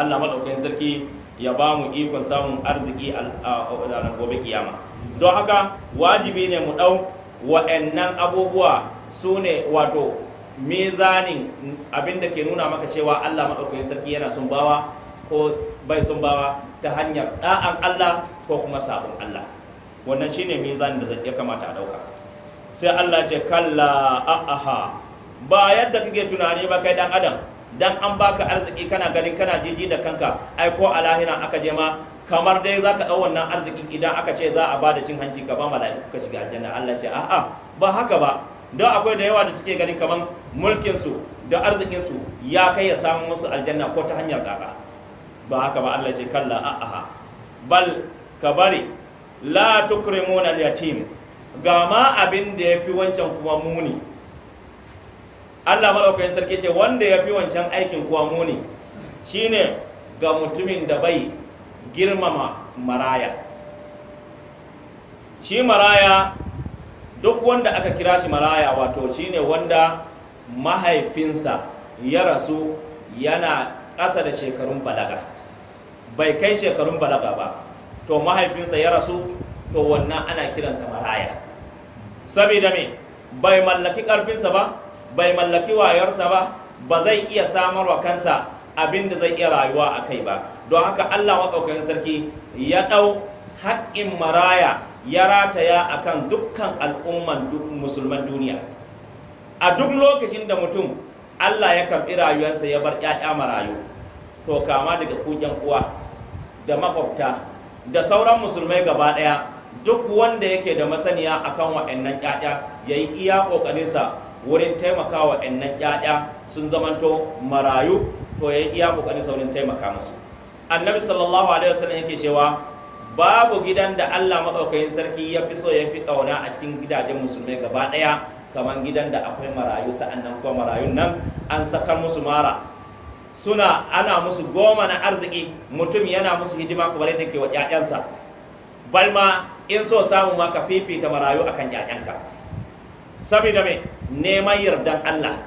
Allah maɗaukakin sarki ya ba mu ikon samun arziki a gobe kiyama don haka wajibi ne mu ɗau waɗannan abubuwa su ne wato mizanin abin da ke nuna maka cewa Allah maɗaukakin sarki yana sun bawa ko bai sun bawa ta hanyar ɗa'an Allah ko kuma sabon Allah wannan shine mizanin da ya kamata a ɗauka sai Allah ce kalla a'aha ba yadda kake tunani ba kai dan adam dan an baka arziki kana ganin kana jiji da kanka ai ko a lahira aka je ma kamar dai zaka dau wannan arziki idan aka ce za a da shin hanci ka ba mala'iku ka shiga aljanna Allah ce a'a ba haka ba don akwai da yawa da suke ganin kamar mulkinsu da arzikinsu ya kai ya samu masu aljanna ko ta hanyar gaga ba haka ba Allah ce kalla a'a bal ka bari la tukrimuna al-yatim ga ma abin da yafi wancan kuma muni Allah madaukakin sarki ce wanda yafi wancan aikin kuma muni shine ga mutumin da bai girmama maraya shi maraya duk wanda aka kira shi maraya wato shine wanda mahaifinsa ya rasu yana ƙasa da shekarun balaga bai kai shekarun balaga ba to mahaifinsa ya rasu to wannan ana kiransa maraya saboda me bai mallaki ƙarfinsa ba bai mallaki wayarsa ba ba zai iya samarwa kansa abin da zai iya rayuwa a kai ba don haka allah maɗaukakin sarki ya ɗau haƙƙin maraya ya rataya a kan dukkan al'umman musulman duniya a duk lokacin da mutum Allah ya karɓi rayuwarsa ya bar ‘ya'ya marayu to kama daga kujan uwa da makwabta da sauran musulmai gaba ɗaya duk wanda yake da masaniya a akan wa'annan ‘ya'ya ya yi iya ƙoƙarinsa wurin taimakawa wa'annan ‘ya'ya sun zamanto marayu to ya yi iya ƙoƙarinsa wurin taimaka masu. annabi sallallahu alaihi wasallam yake cewa babu gidan da Allah maɗaukakin sarki ya fi so ya fi ƙauna a cikin gidajen musulmai gaba ɗaya kamar gidan da akwai marayu sa'an nan kuma marayun nan an sakar musu mara suna ana musu goma na arziki mutum yana musu hidima kamar yadda ke wa ya'yansa. balma in so samu ma ka fifita marayu akan ƴaƴanka saboda me neman yardan Allah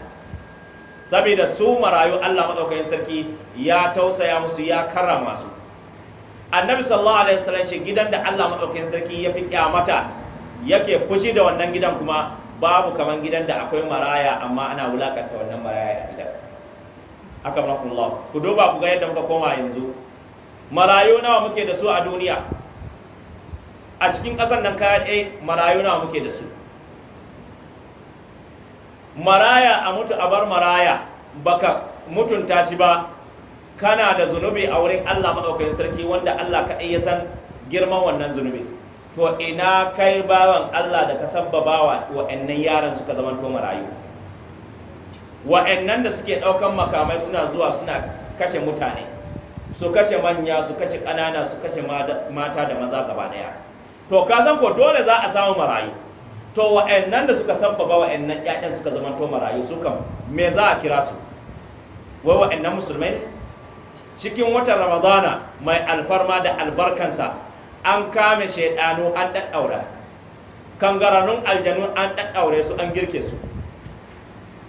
saboda su marayu Allah maɗaukakin sarki ya tausaya musu ya karrama su annabi sallallahu alaihi wasallam shi gidan da Allah madaukakin sarki ya fi kyamata yake fushi da wannan gidan kuma babu kaman gidan da akwai maraya amma ana wulakanta wannan maraya a gidan aka Allah ku duba ku ga yadda muka koma yanzu marayu nawa muke da su a duniya a cikin ƙasar nan kaya ɗaya eh, marayu nawa muke da su maraya a mutu a bar maraya baka mutunta shi ba kana da zunubi a wurin Allah maɗaukakin sarki wanda Allah kaɗai ya san girman wannan zunubi to ina kai bawan Allah da ka sabbaba wa wa'annan yaran suka zama to marayu wa'annan da suke ɗaukan makamai suna zuwa suna kashe mutane su kashe manya su kashe ƙanana su kashe mata da maza gaba ɗaya to ka san ko dole za a samu marayu to wa'annan da suka sabbaba wa'annan ƴaƴan suka zama to marayu su kam me za a kira su wai wa'annan musulmai ne cikin watan ramadana mai alfarma da albarkansa an kame shaidanu an ɗaɗɗaura kangararrun aljanu an ɗaɗɗaure su an girke su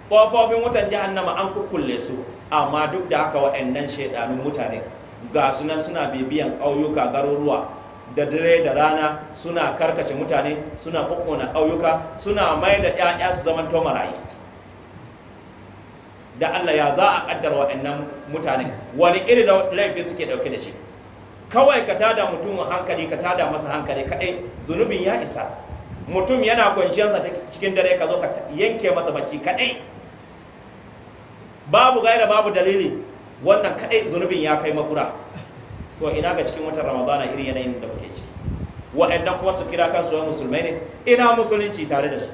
ƙofofin wutan jahannama an kukulle su amma duk da haka waɗannan shaidanun mutane ga sunan suna bibiyan ƙauyuka garuruwa da dare da rana suna karkashe mutane suna kukkuna ƙauyuka suna mai da 'ya'ya su zaman to marayi da Allah ya za a kaddara waɗannan mutane wani irin laifi suke dauke da shi kawai ka tada mutum hankali ka tada masa hankali kadai zunubin ya isa mutum yana kwanciyarsa cikin dare ka zo ka yanke masa bacci kadai. babu gaira babu dalili wannan kadai zunubin ya kai makura to ina ga cikin watan ramadana irin yanayin da muke ciki Waɗannan kuma su kira kansu wai musulmai ne ina musulunci tare da su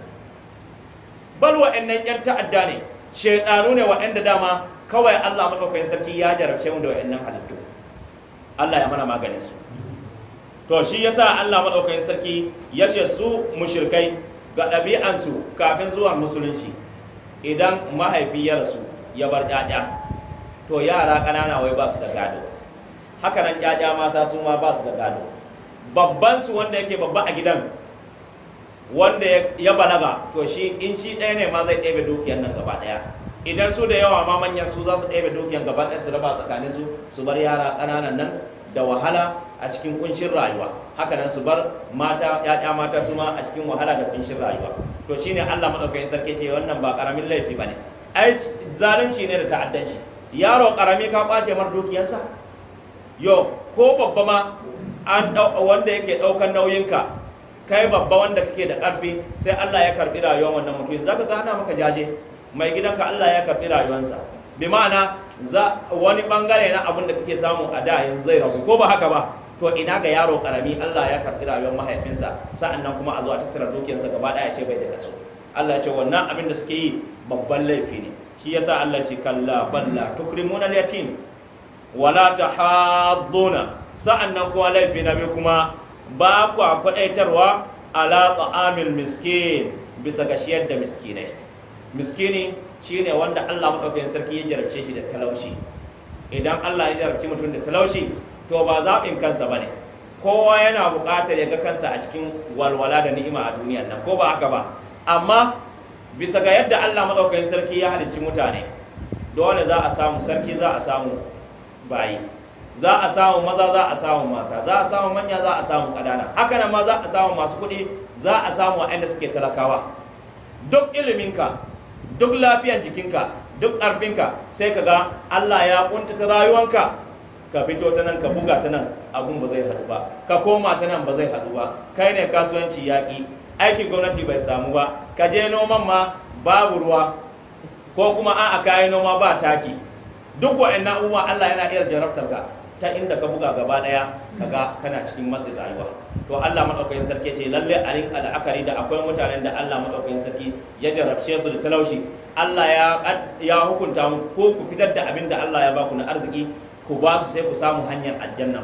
bal waɗannan yan ta'adda ne shaidanu ne waɗanda dama kawai Allah maɗaukakin sarki ya jarabce mu da waɗannan halittu Allah ya mana maganin su to shi yasa Allah maɗaukakin sarki ya ce su mushrikai ga ɗabi'ansu kafin zuwa musulunci idan mahaifi ya rasu ya bar ɗaɗa to yara ƙanana wai ba su da gado haka nan ƴaƴa mata su ma ba su da gado babban su wanda yake babba a gidan wanda ya balaga to shi in shi ɗaya ne ma zai ɗebe dukiyar nan gaba ɗaya idan su da yawa ma manyan su za su ɗebe dukiyar gaba ɗaya su raba tsakanin su su bar yara ƙananan nan da wahala a cikin kunshin rayuwa haka nan su bar mata ƴaƴa mata su ma a cikin wahala da kunshin rayuwa to shine Allah madaukakin sarki ce wannan ba karamin laifi bane ai zalunci ne da ta'addanci yaro karami ka kwashe mar dukiyarsa yo ko babba ma an wanda yake ɗaukan nauyinka kai babba wanda kake da ƙarfi sai Allah ya karbi rayuwar wannan mutumin zaka ga ana maka jaje mai gidanka Allah ya karbi rayuwarsa bi ma'ana za wani bangare na abin da kake samu a da yanzu zai rabu ko ba haka ba to ina ga yaro karami Allah ya karbi rayuwar mahaifinsa sa'annan kuma a zuwa a tattara dukiyarsa gaba daya ce bai daga su? Allah ce wannan abin da suke yi babban laifi ne shi yasa Allah shi kalla balla tukrimuna yatim wala tahadduna sa'annan kuwa laifi na biyu kuma ba ku a kwadaitarwa ala ta'amil miskin bisa ga da miskinai miskini shine wanda Allah madaukakin sarki ya jarabce shi da talaushi idan Allah ya jarabci mutum da talaushi to ba zaɓin kansa ba ne. kowa yana buƙatar ya ga kansa a cikin walwala da ni'ima a duniyar nan ko ba haka ba amma bisa ga yadda Allah madaukakin sarki ya halicci mutane dole za a samu sarki za a samu bayi za a samu maza za a samu mata za a samu manya za a samu kadana haka nan ma za a samu masu kuɗi za a samu waɗanda suke talakawa duk iliminka duk lafiyan jikinka duk ƙarfinka sai ka ga Allah ya ta rayuwanka ka fito ta nan ka buga ta nan abun ba zai haɗu ba ka koma ta nan ba zai haɗu ba kai ne kasuwanci yaƙi aikin gwamnati bai samu ba ka je noman ma babu ruwa ko kuma a'a kayi noma ba taki duk wa'annan abubuwa Allah yana iya jarabtar ka ta inda ka buga gaba daya kaga kana cikin matsin rayuwa to Allah madaukakin sarki ce lalle a rinka la'akari da akwai mutanen da Allah madaukakin sarki ya jarabce su da talaushi Allah ya ya hukunta mu ko ku fitar da abin da Allah ya ba ku na arziki ku ba su sai ku samu hanyar aljanna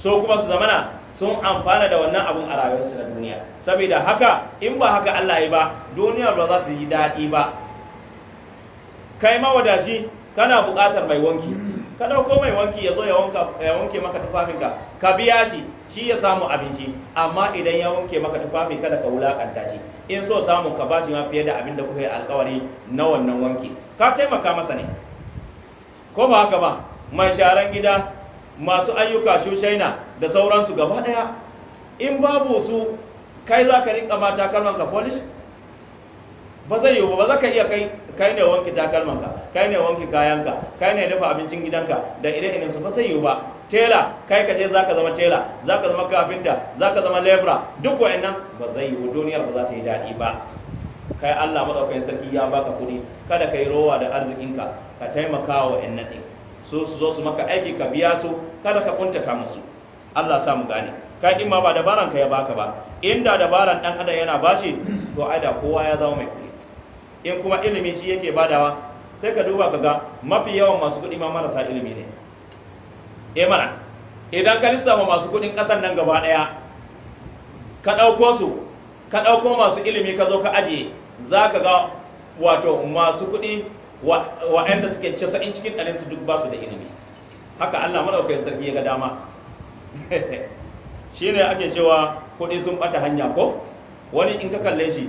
so kuma su zamana sun amfana da wannan abun a rayuwarsu na duniya saboda haka in ba haka Allah ya ba duniya ba za ta yi daɗi ba kai ma mawadaci kana buƙatar mai wanki ka dauko mai wanki ya zo ya wanke maka tufafinka ka biya shi shi ya samu abinci amma idan ya wanke maka tufafin kada ka wulakanta shi in so samu ka bashi ma fiye da abin da kuka yi alkawari na wannan wanki ka taimaka masa ne ko ba haka ba mai sharan gida masu ayyuka shushaina da sauransu gaba daya in babu su kai za ka rinka ma takalmanka polish ba zai yiwu ba za ka iya kai ne wanke takalmanka ka kai ne wanke kayanka kai ne dafa abincin gidanka da ire irin su fa sai yiwu ba tela kai ka ce zaka zama tela zaka zama kafinta zaka zama lebra duk wa'annan ba zai yiwu duniya ba za ta yi daɗi ba kai Allah madaukakin sarki ya baka kuɗi kada kai rowa da arzikinka ka taimaka wa wa'annan din su su zo su maka aiki ka biya su kada ka kuntata musu Allah sa mu gane kai din ma ba dabaran ka ya baka ba inda dabaran dan adam yana bashi to ai da kowa ya zama mai kuɗi in kuma ilimi shi yake badawa sai ka duba kaga mafi yawan masu kuɗi ma marasa ilimi ne eh mana idan ka lissafa masu kuɗin ƙasar nan gaba ɗaya ka ɗauko su ka ɗauko masu ilimi ka zo ka ajiye za ka ga wato masu kuɗi wa'anda suke casa'in cikin ɗarin su duk basu da ilimi haka allah maɗaukakin sarki ya ga dama shine ake cewa kuɗi sun ɓata hanya ko wani in ka kalle shi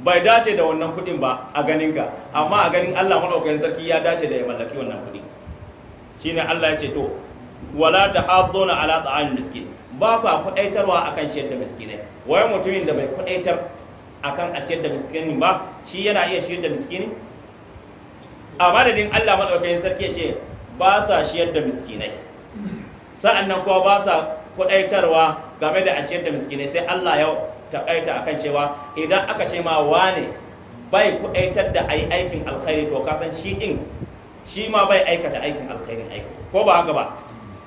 bai dace da wannan kuɗin ba a ganinka amma a ganin Allah madaukakin sarki ya dace da ya mallaki wannan kuɗi shine Allah ya ce to wala tahadduna ala ta'am miskin ba ku kudaitarwa akan shiyar da miskinai wai mutumin da bai kudaitar akan ashiyar da miskinin ba shi yana iya shiyar da miskini a madadin Allah madaukakin sarki ya ce ba sa shiyar da miskinai sa'annan kuma ba sa kudaitarwa game da ashiyar da miskinai sai Allah ya takaita akan cewa idan aka ce ma wane bai kuɗaitar da ayi aikin alkhairi to kasan san shi din shi ma bai aikata aikin alkhairin aiki ko ba haka ba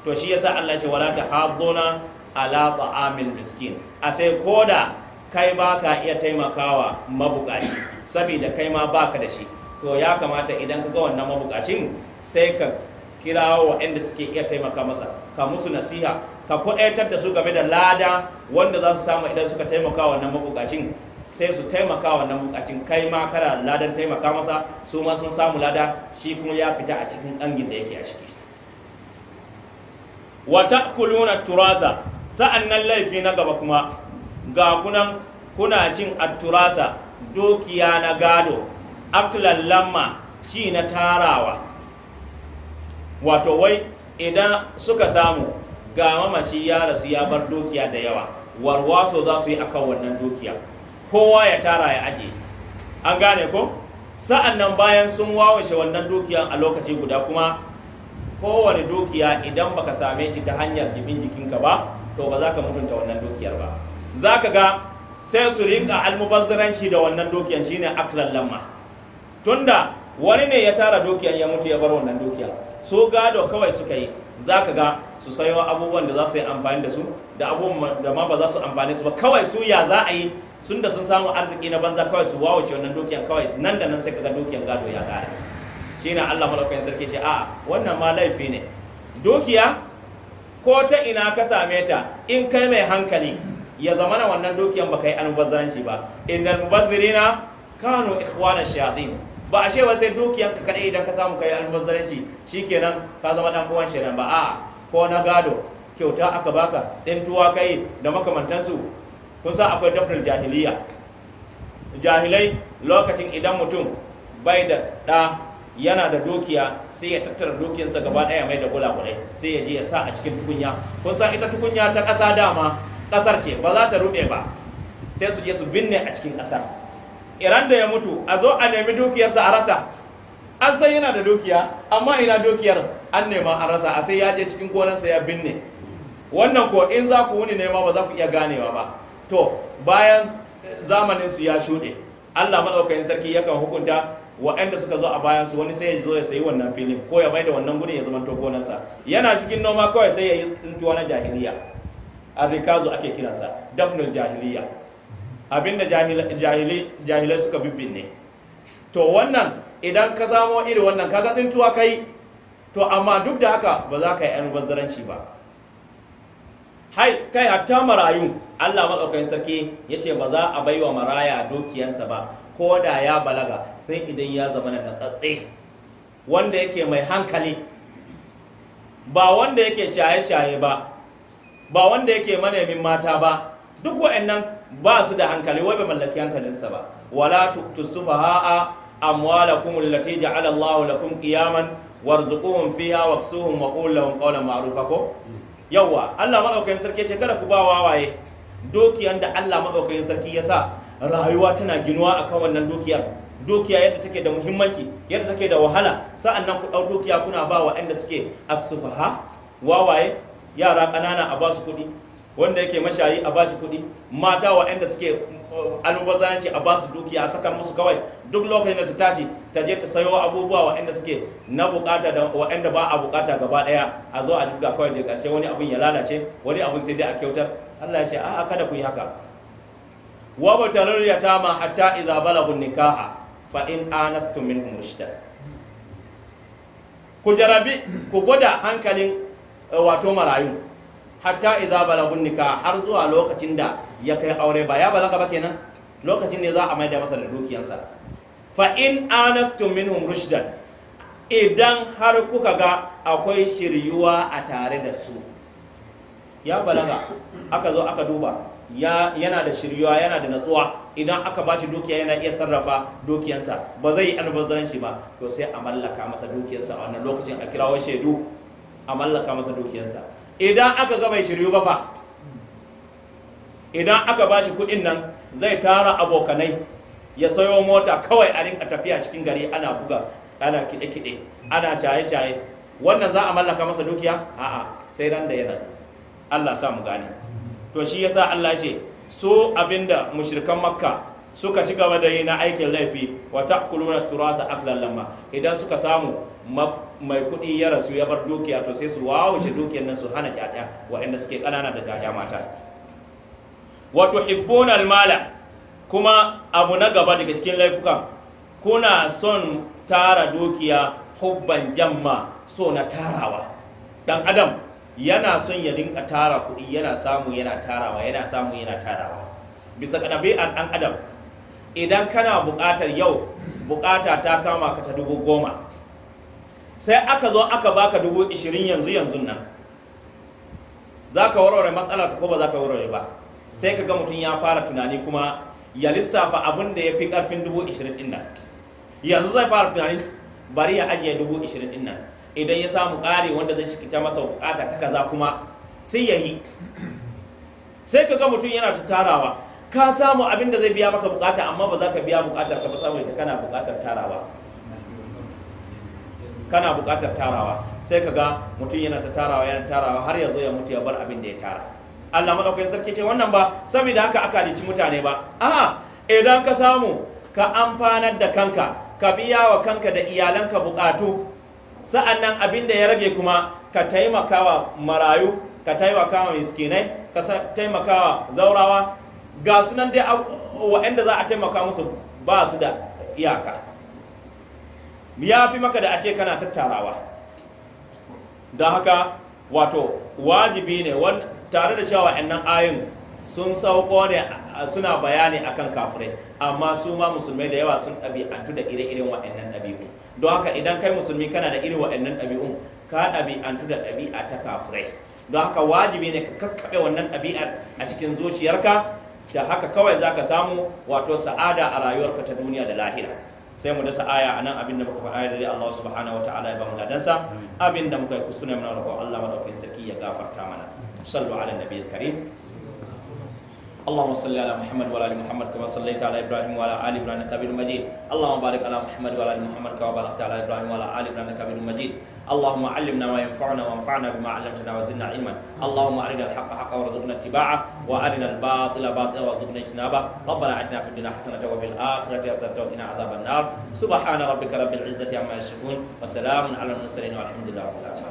to shi yasa Allah ya ce wala tahadduna ala ta'amil miskin a sai koda kai baka iya taimakawa mabukaci saboda kai ma baka da shi to ya kamata idan ka ga wannan mabukacin sai ka kirawo waɗanda suke iya taimaka masa ka musu nasiha ka kuɗaitar da su game da lada wanda za su samu idan suka taimaka wa wannan mabukacin sai su taimaka wa wannan mabukacin kai ma kana ladan taimaka masa su ma sun samu lada shi kuma ya fita a cikin ɗangin da yake a ciki wa ta'kuluna turasa sa'annan laifi na gaba kuma ga kunan kuna shin at-turasa dukiya na gado aklan lamma shi na tarawa wato wai idan suka samu ga mamashi ya rasu ya bar dukiya da yawa warwaso za su yi akan wannan dukiya kowa ya tara ya aje an gane ko sa'an nan bayan sun wawashe wannan dukiyan a lokaci guda kuma kowane dukiya idan baka same shi ta hanyar jimin jikinka ba to ba za ka mutunta wannan dukiyar ba za ka ga sai su rinka almubazzaranci da wannan dukiyan shine aklan lamma tunda wani ne ya tara dukiyar ya mutu ya bar wannan dukiya so gado kawai suka yi za ka ga su sayo abubuwan da za su yi amfani da su da abubuwan da ma ba za su amfani su ba kawai su ya za a yi sun da sun samu arziki na banza kawai su wawace wannan dukiyar kawai nan da nan sai kaga dukiyar gado ya Shi na Allah malaikan sarki shi a wannan ma laifi ne dukiya ko ta ina ka same ta in kai mai hankali ya zama na wannan dukiyan baka yi almubazzaranci ba innal mubazzirina kanu ikhwana shayatin ba a shewa sai dukiyan ka kadai idan ka samu kai ke shikenan ka zama dan uwan shedan ba a'a ko na gado kyauta aka baka tuwa kai da makamantansu kun san akwai dafnar jahiliya jahilai lokacin idan mutum bai da ɗa yana da dukiya sai ya tattara dukiyarsa gaba ɗaya mai da gulagulai sai ya je ya sa a cikin tukunya kun san ita tukunya ta ƙasa dama ƙasar ce ba za ta ruɓe ba sai su je su binne a cikin ƙasar iran da ya mutu a zo a nemi dukiyarsa a rasa an san yana da dukiya amma ina dukiyar an nema an rasa a sai ya je cikin gonarsa ya binne wannan ko in za ku wuni nema ba za ku iya ganewa ba to bayan eh, zamanin su ya shuɗe Allah madaukakin sarki yakan hukunta waɗanda suka zo a bayan su wani sai ya zo ya sayi wannan filin ko ya maida wannan gudun ya zama to gonarsa yana cikin noma kawai sai ya yi tsintuwa na jahiliya arrikazu ake kiransa dafnul jahiliya abinda jahilai suka bibbinne to wannan idan ka samo iri wannan kaga tsintuwa kai to amma duk da haka ba za ka yi yan bazzaranci ba hai kai hatta marayu Allah madaukakin sarki ce ba za a bai wa maraya dokiyansa ba ko da ya balaga sai idan ya zama na tsatse wanda yake mai hankali ba wanda yake shaye-shaye ba ba wanda yake manemin mata ba duk wa'annan ba su da hankali wai ba mallaki hankalinsa ba wala tusufaha'a amwalakum allati ja'ala Allahu lakum qiyaman warzuquhum fiha waksuhum wa qul lahum qawlan ma'rufa ko yawa Allah madaukakin sarki ce kada ku ba wawaye dokiyan da Allah madaukakin sarki ya sa rayuwa tana ginuwa akan wannan dokiyar dukiya yadda take da muhimmanci yadda take da wahala sa'annan ku ɗau dukiya kuna ba wa ɗan da suke Wa waye yara ƙanana a basu kuɗi wanda yake mashayi a bashi kuɗi mata wa ɗan suke almubazzaranci a basu dukiya a sakar musu kawai duk lokacin da ta tashi ta je ta sayo abubuwa waɗanda suke na bukata da waɗanda ba a bukata gaba ɗaya a zo a duka kawai da ƙarshe wani abin ya lalace wani abin sai dai a kyautar Allah ya ce a'a kada ku yi haka wa batalul yatama hatta idza balagu nikaha fa in anastu min ku jarabi ku gwada hankalin eh, wato marayu hatta idza balagun nikah har zuwa lokacin da ya kai aure ba ya balaga ba kenan lokacin ne za a maida masa da dukiyansa fa in anastum minhum rushdan idan har kuka ga akwai shiryuwa a tare da su ya balaga aka zo aka duba ya yana da shiryuwa yana da natsuwa idan aka ba shi dukiya yana iya sarrafa dukiyansa ba zai yi albazaranci ba to sai a mallaka masa dukiyansa a wannan lokacin a kirawo shaidu a mallaka masa dukiyansa idan aka gama shiryu ba fa idan aka ba shi kuɗin nan zai tara abokanai ya sayo mota kawai a rinka tafiya cikin gari ana buga ana kide-kide ana shaye-shaye wannan za a mallaka masa dukiya a'a sai ran da yana Allah sa mu gane to shi yasa Allah ce so abinda mushrikan makka suka shiga gaba na aikin laifi wa ta'kuluna turatha aklan lamma idan suka samu mai kuɗi ya rasu ya bar dukiya to sai su wawace dukiyar nan su hana ƴaƴa waɗanda suke ƙanana da ƴaƴa mata wato hibbon almala kuma abu na gaba daga cikin laifukan kuna son tara dukiya hubban jamma so na tarawa dan adam yana son ya dinka tara kuɗi yana samu yana tarawa yana samu yana tarawa bisa ga ɗabi'ar ɗan adam idan kana buƙatar yau buƙata ta kama ka ta dubu goma sai aka zo aka baka dubu ishirin yanzu yanzu nan za ka warware matsalar ko ba za ka warware ba sai ka ga mutum ya fara tunani kuma ya lissafa abin da ya fi karfin dubu ishirin ɗin yanzu zai fara tunani bari ya ajiye dubu ishirin ɗin idan ya samu ƙari wanda zai shikita masa bukata ta kaza kuma sai ya yi sai ka ga mutum yana tarawa ka samu abin da zai biya maka bukata amma ba za ka biya bukatar ka ba ita kana bukatar tarawa kana buƙatar tarawa sai ka ga mutum yana ta tarawa yana tarawa har ya zo ya mutu ya bar abin da ya tara Allah madaukakin sarki ce wannan ba saboda haka aka alici mutane ba a'a idan ka samu ka amfanar da kanka ka biya wa kanka da iyalanka buƙatu sa'annan abin da ya rage kuma ka taimakawa marayu ka taimakawa miskinai ka taimakawa zaurawa ga sunan dai waɗanda za a taimaka musu ba su da iyaka ya fi maka da ashe kana tattarawa don haka wato wajibi ne tare da cewa nan ayin sun sauko ne suna bayani akan kafirai amma su ma musulmai da yawa sun ɗabi'antu da ire-iren wa'annan ɗabi'u don haka idan kai musulmi kana da irin wa'annan ɗabi'un ka ɗabi'antu da ɗabi'a ta kafirai don haka wajibi ne ka kakkaɓe wannan ɗabi'ar a cikin zuciyarka da haka kawai za ka samu wato sa'ada a rayuwarka ta duniya da lahira sai mu dasa aya anan abin da muka faɗa da Allah subhanahu wataala ya ba mu ladansa abin da muka yi kuskure mana da Allah madaukakin sarki ya gafarta mana sallu ala nabiyil karim اللهم صل على محمد وعلى محمد كما صليت على ابراهيم وعلى ال ابراهيم انك مجيد اللهم بارك على محمد وعلى محمد كما باركت على ابراهيم وعلى ال ابراهيم انك مجيد اللهم علمنا ما ينفعنا وانفعنا بما علمتنا وزدنا علما اللهم ارنا الحق حقا وارزقنا اتباعه وارنا الباطل باطلا وارزقنا اجتنابه ربنا اتنا في الدنيا حسنه وفي الاخره حسنه وقنا عذاب النار سبحان ربك رب العزه عما يصفون وسلام على المرسلين والحمد لله رب العالمين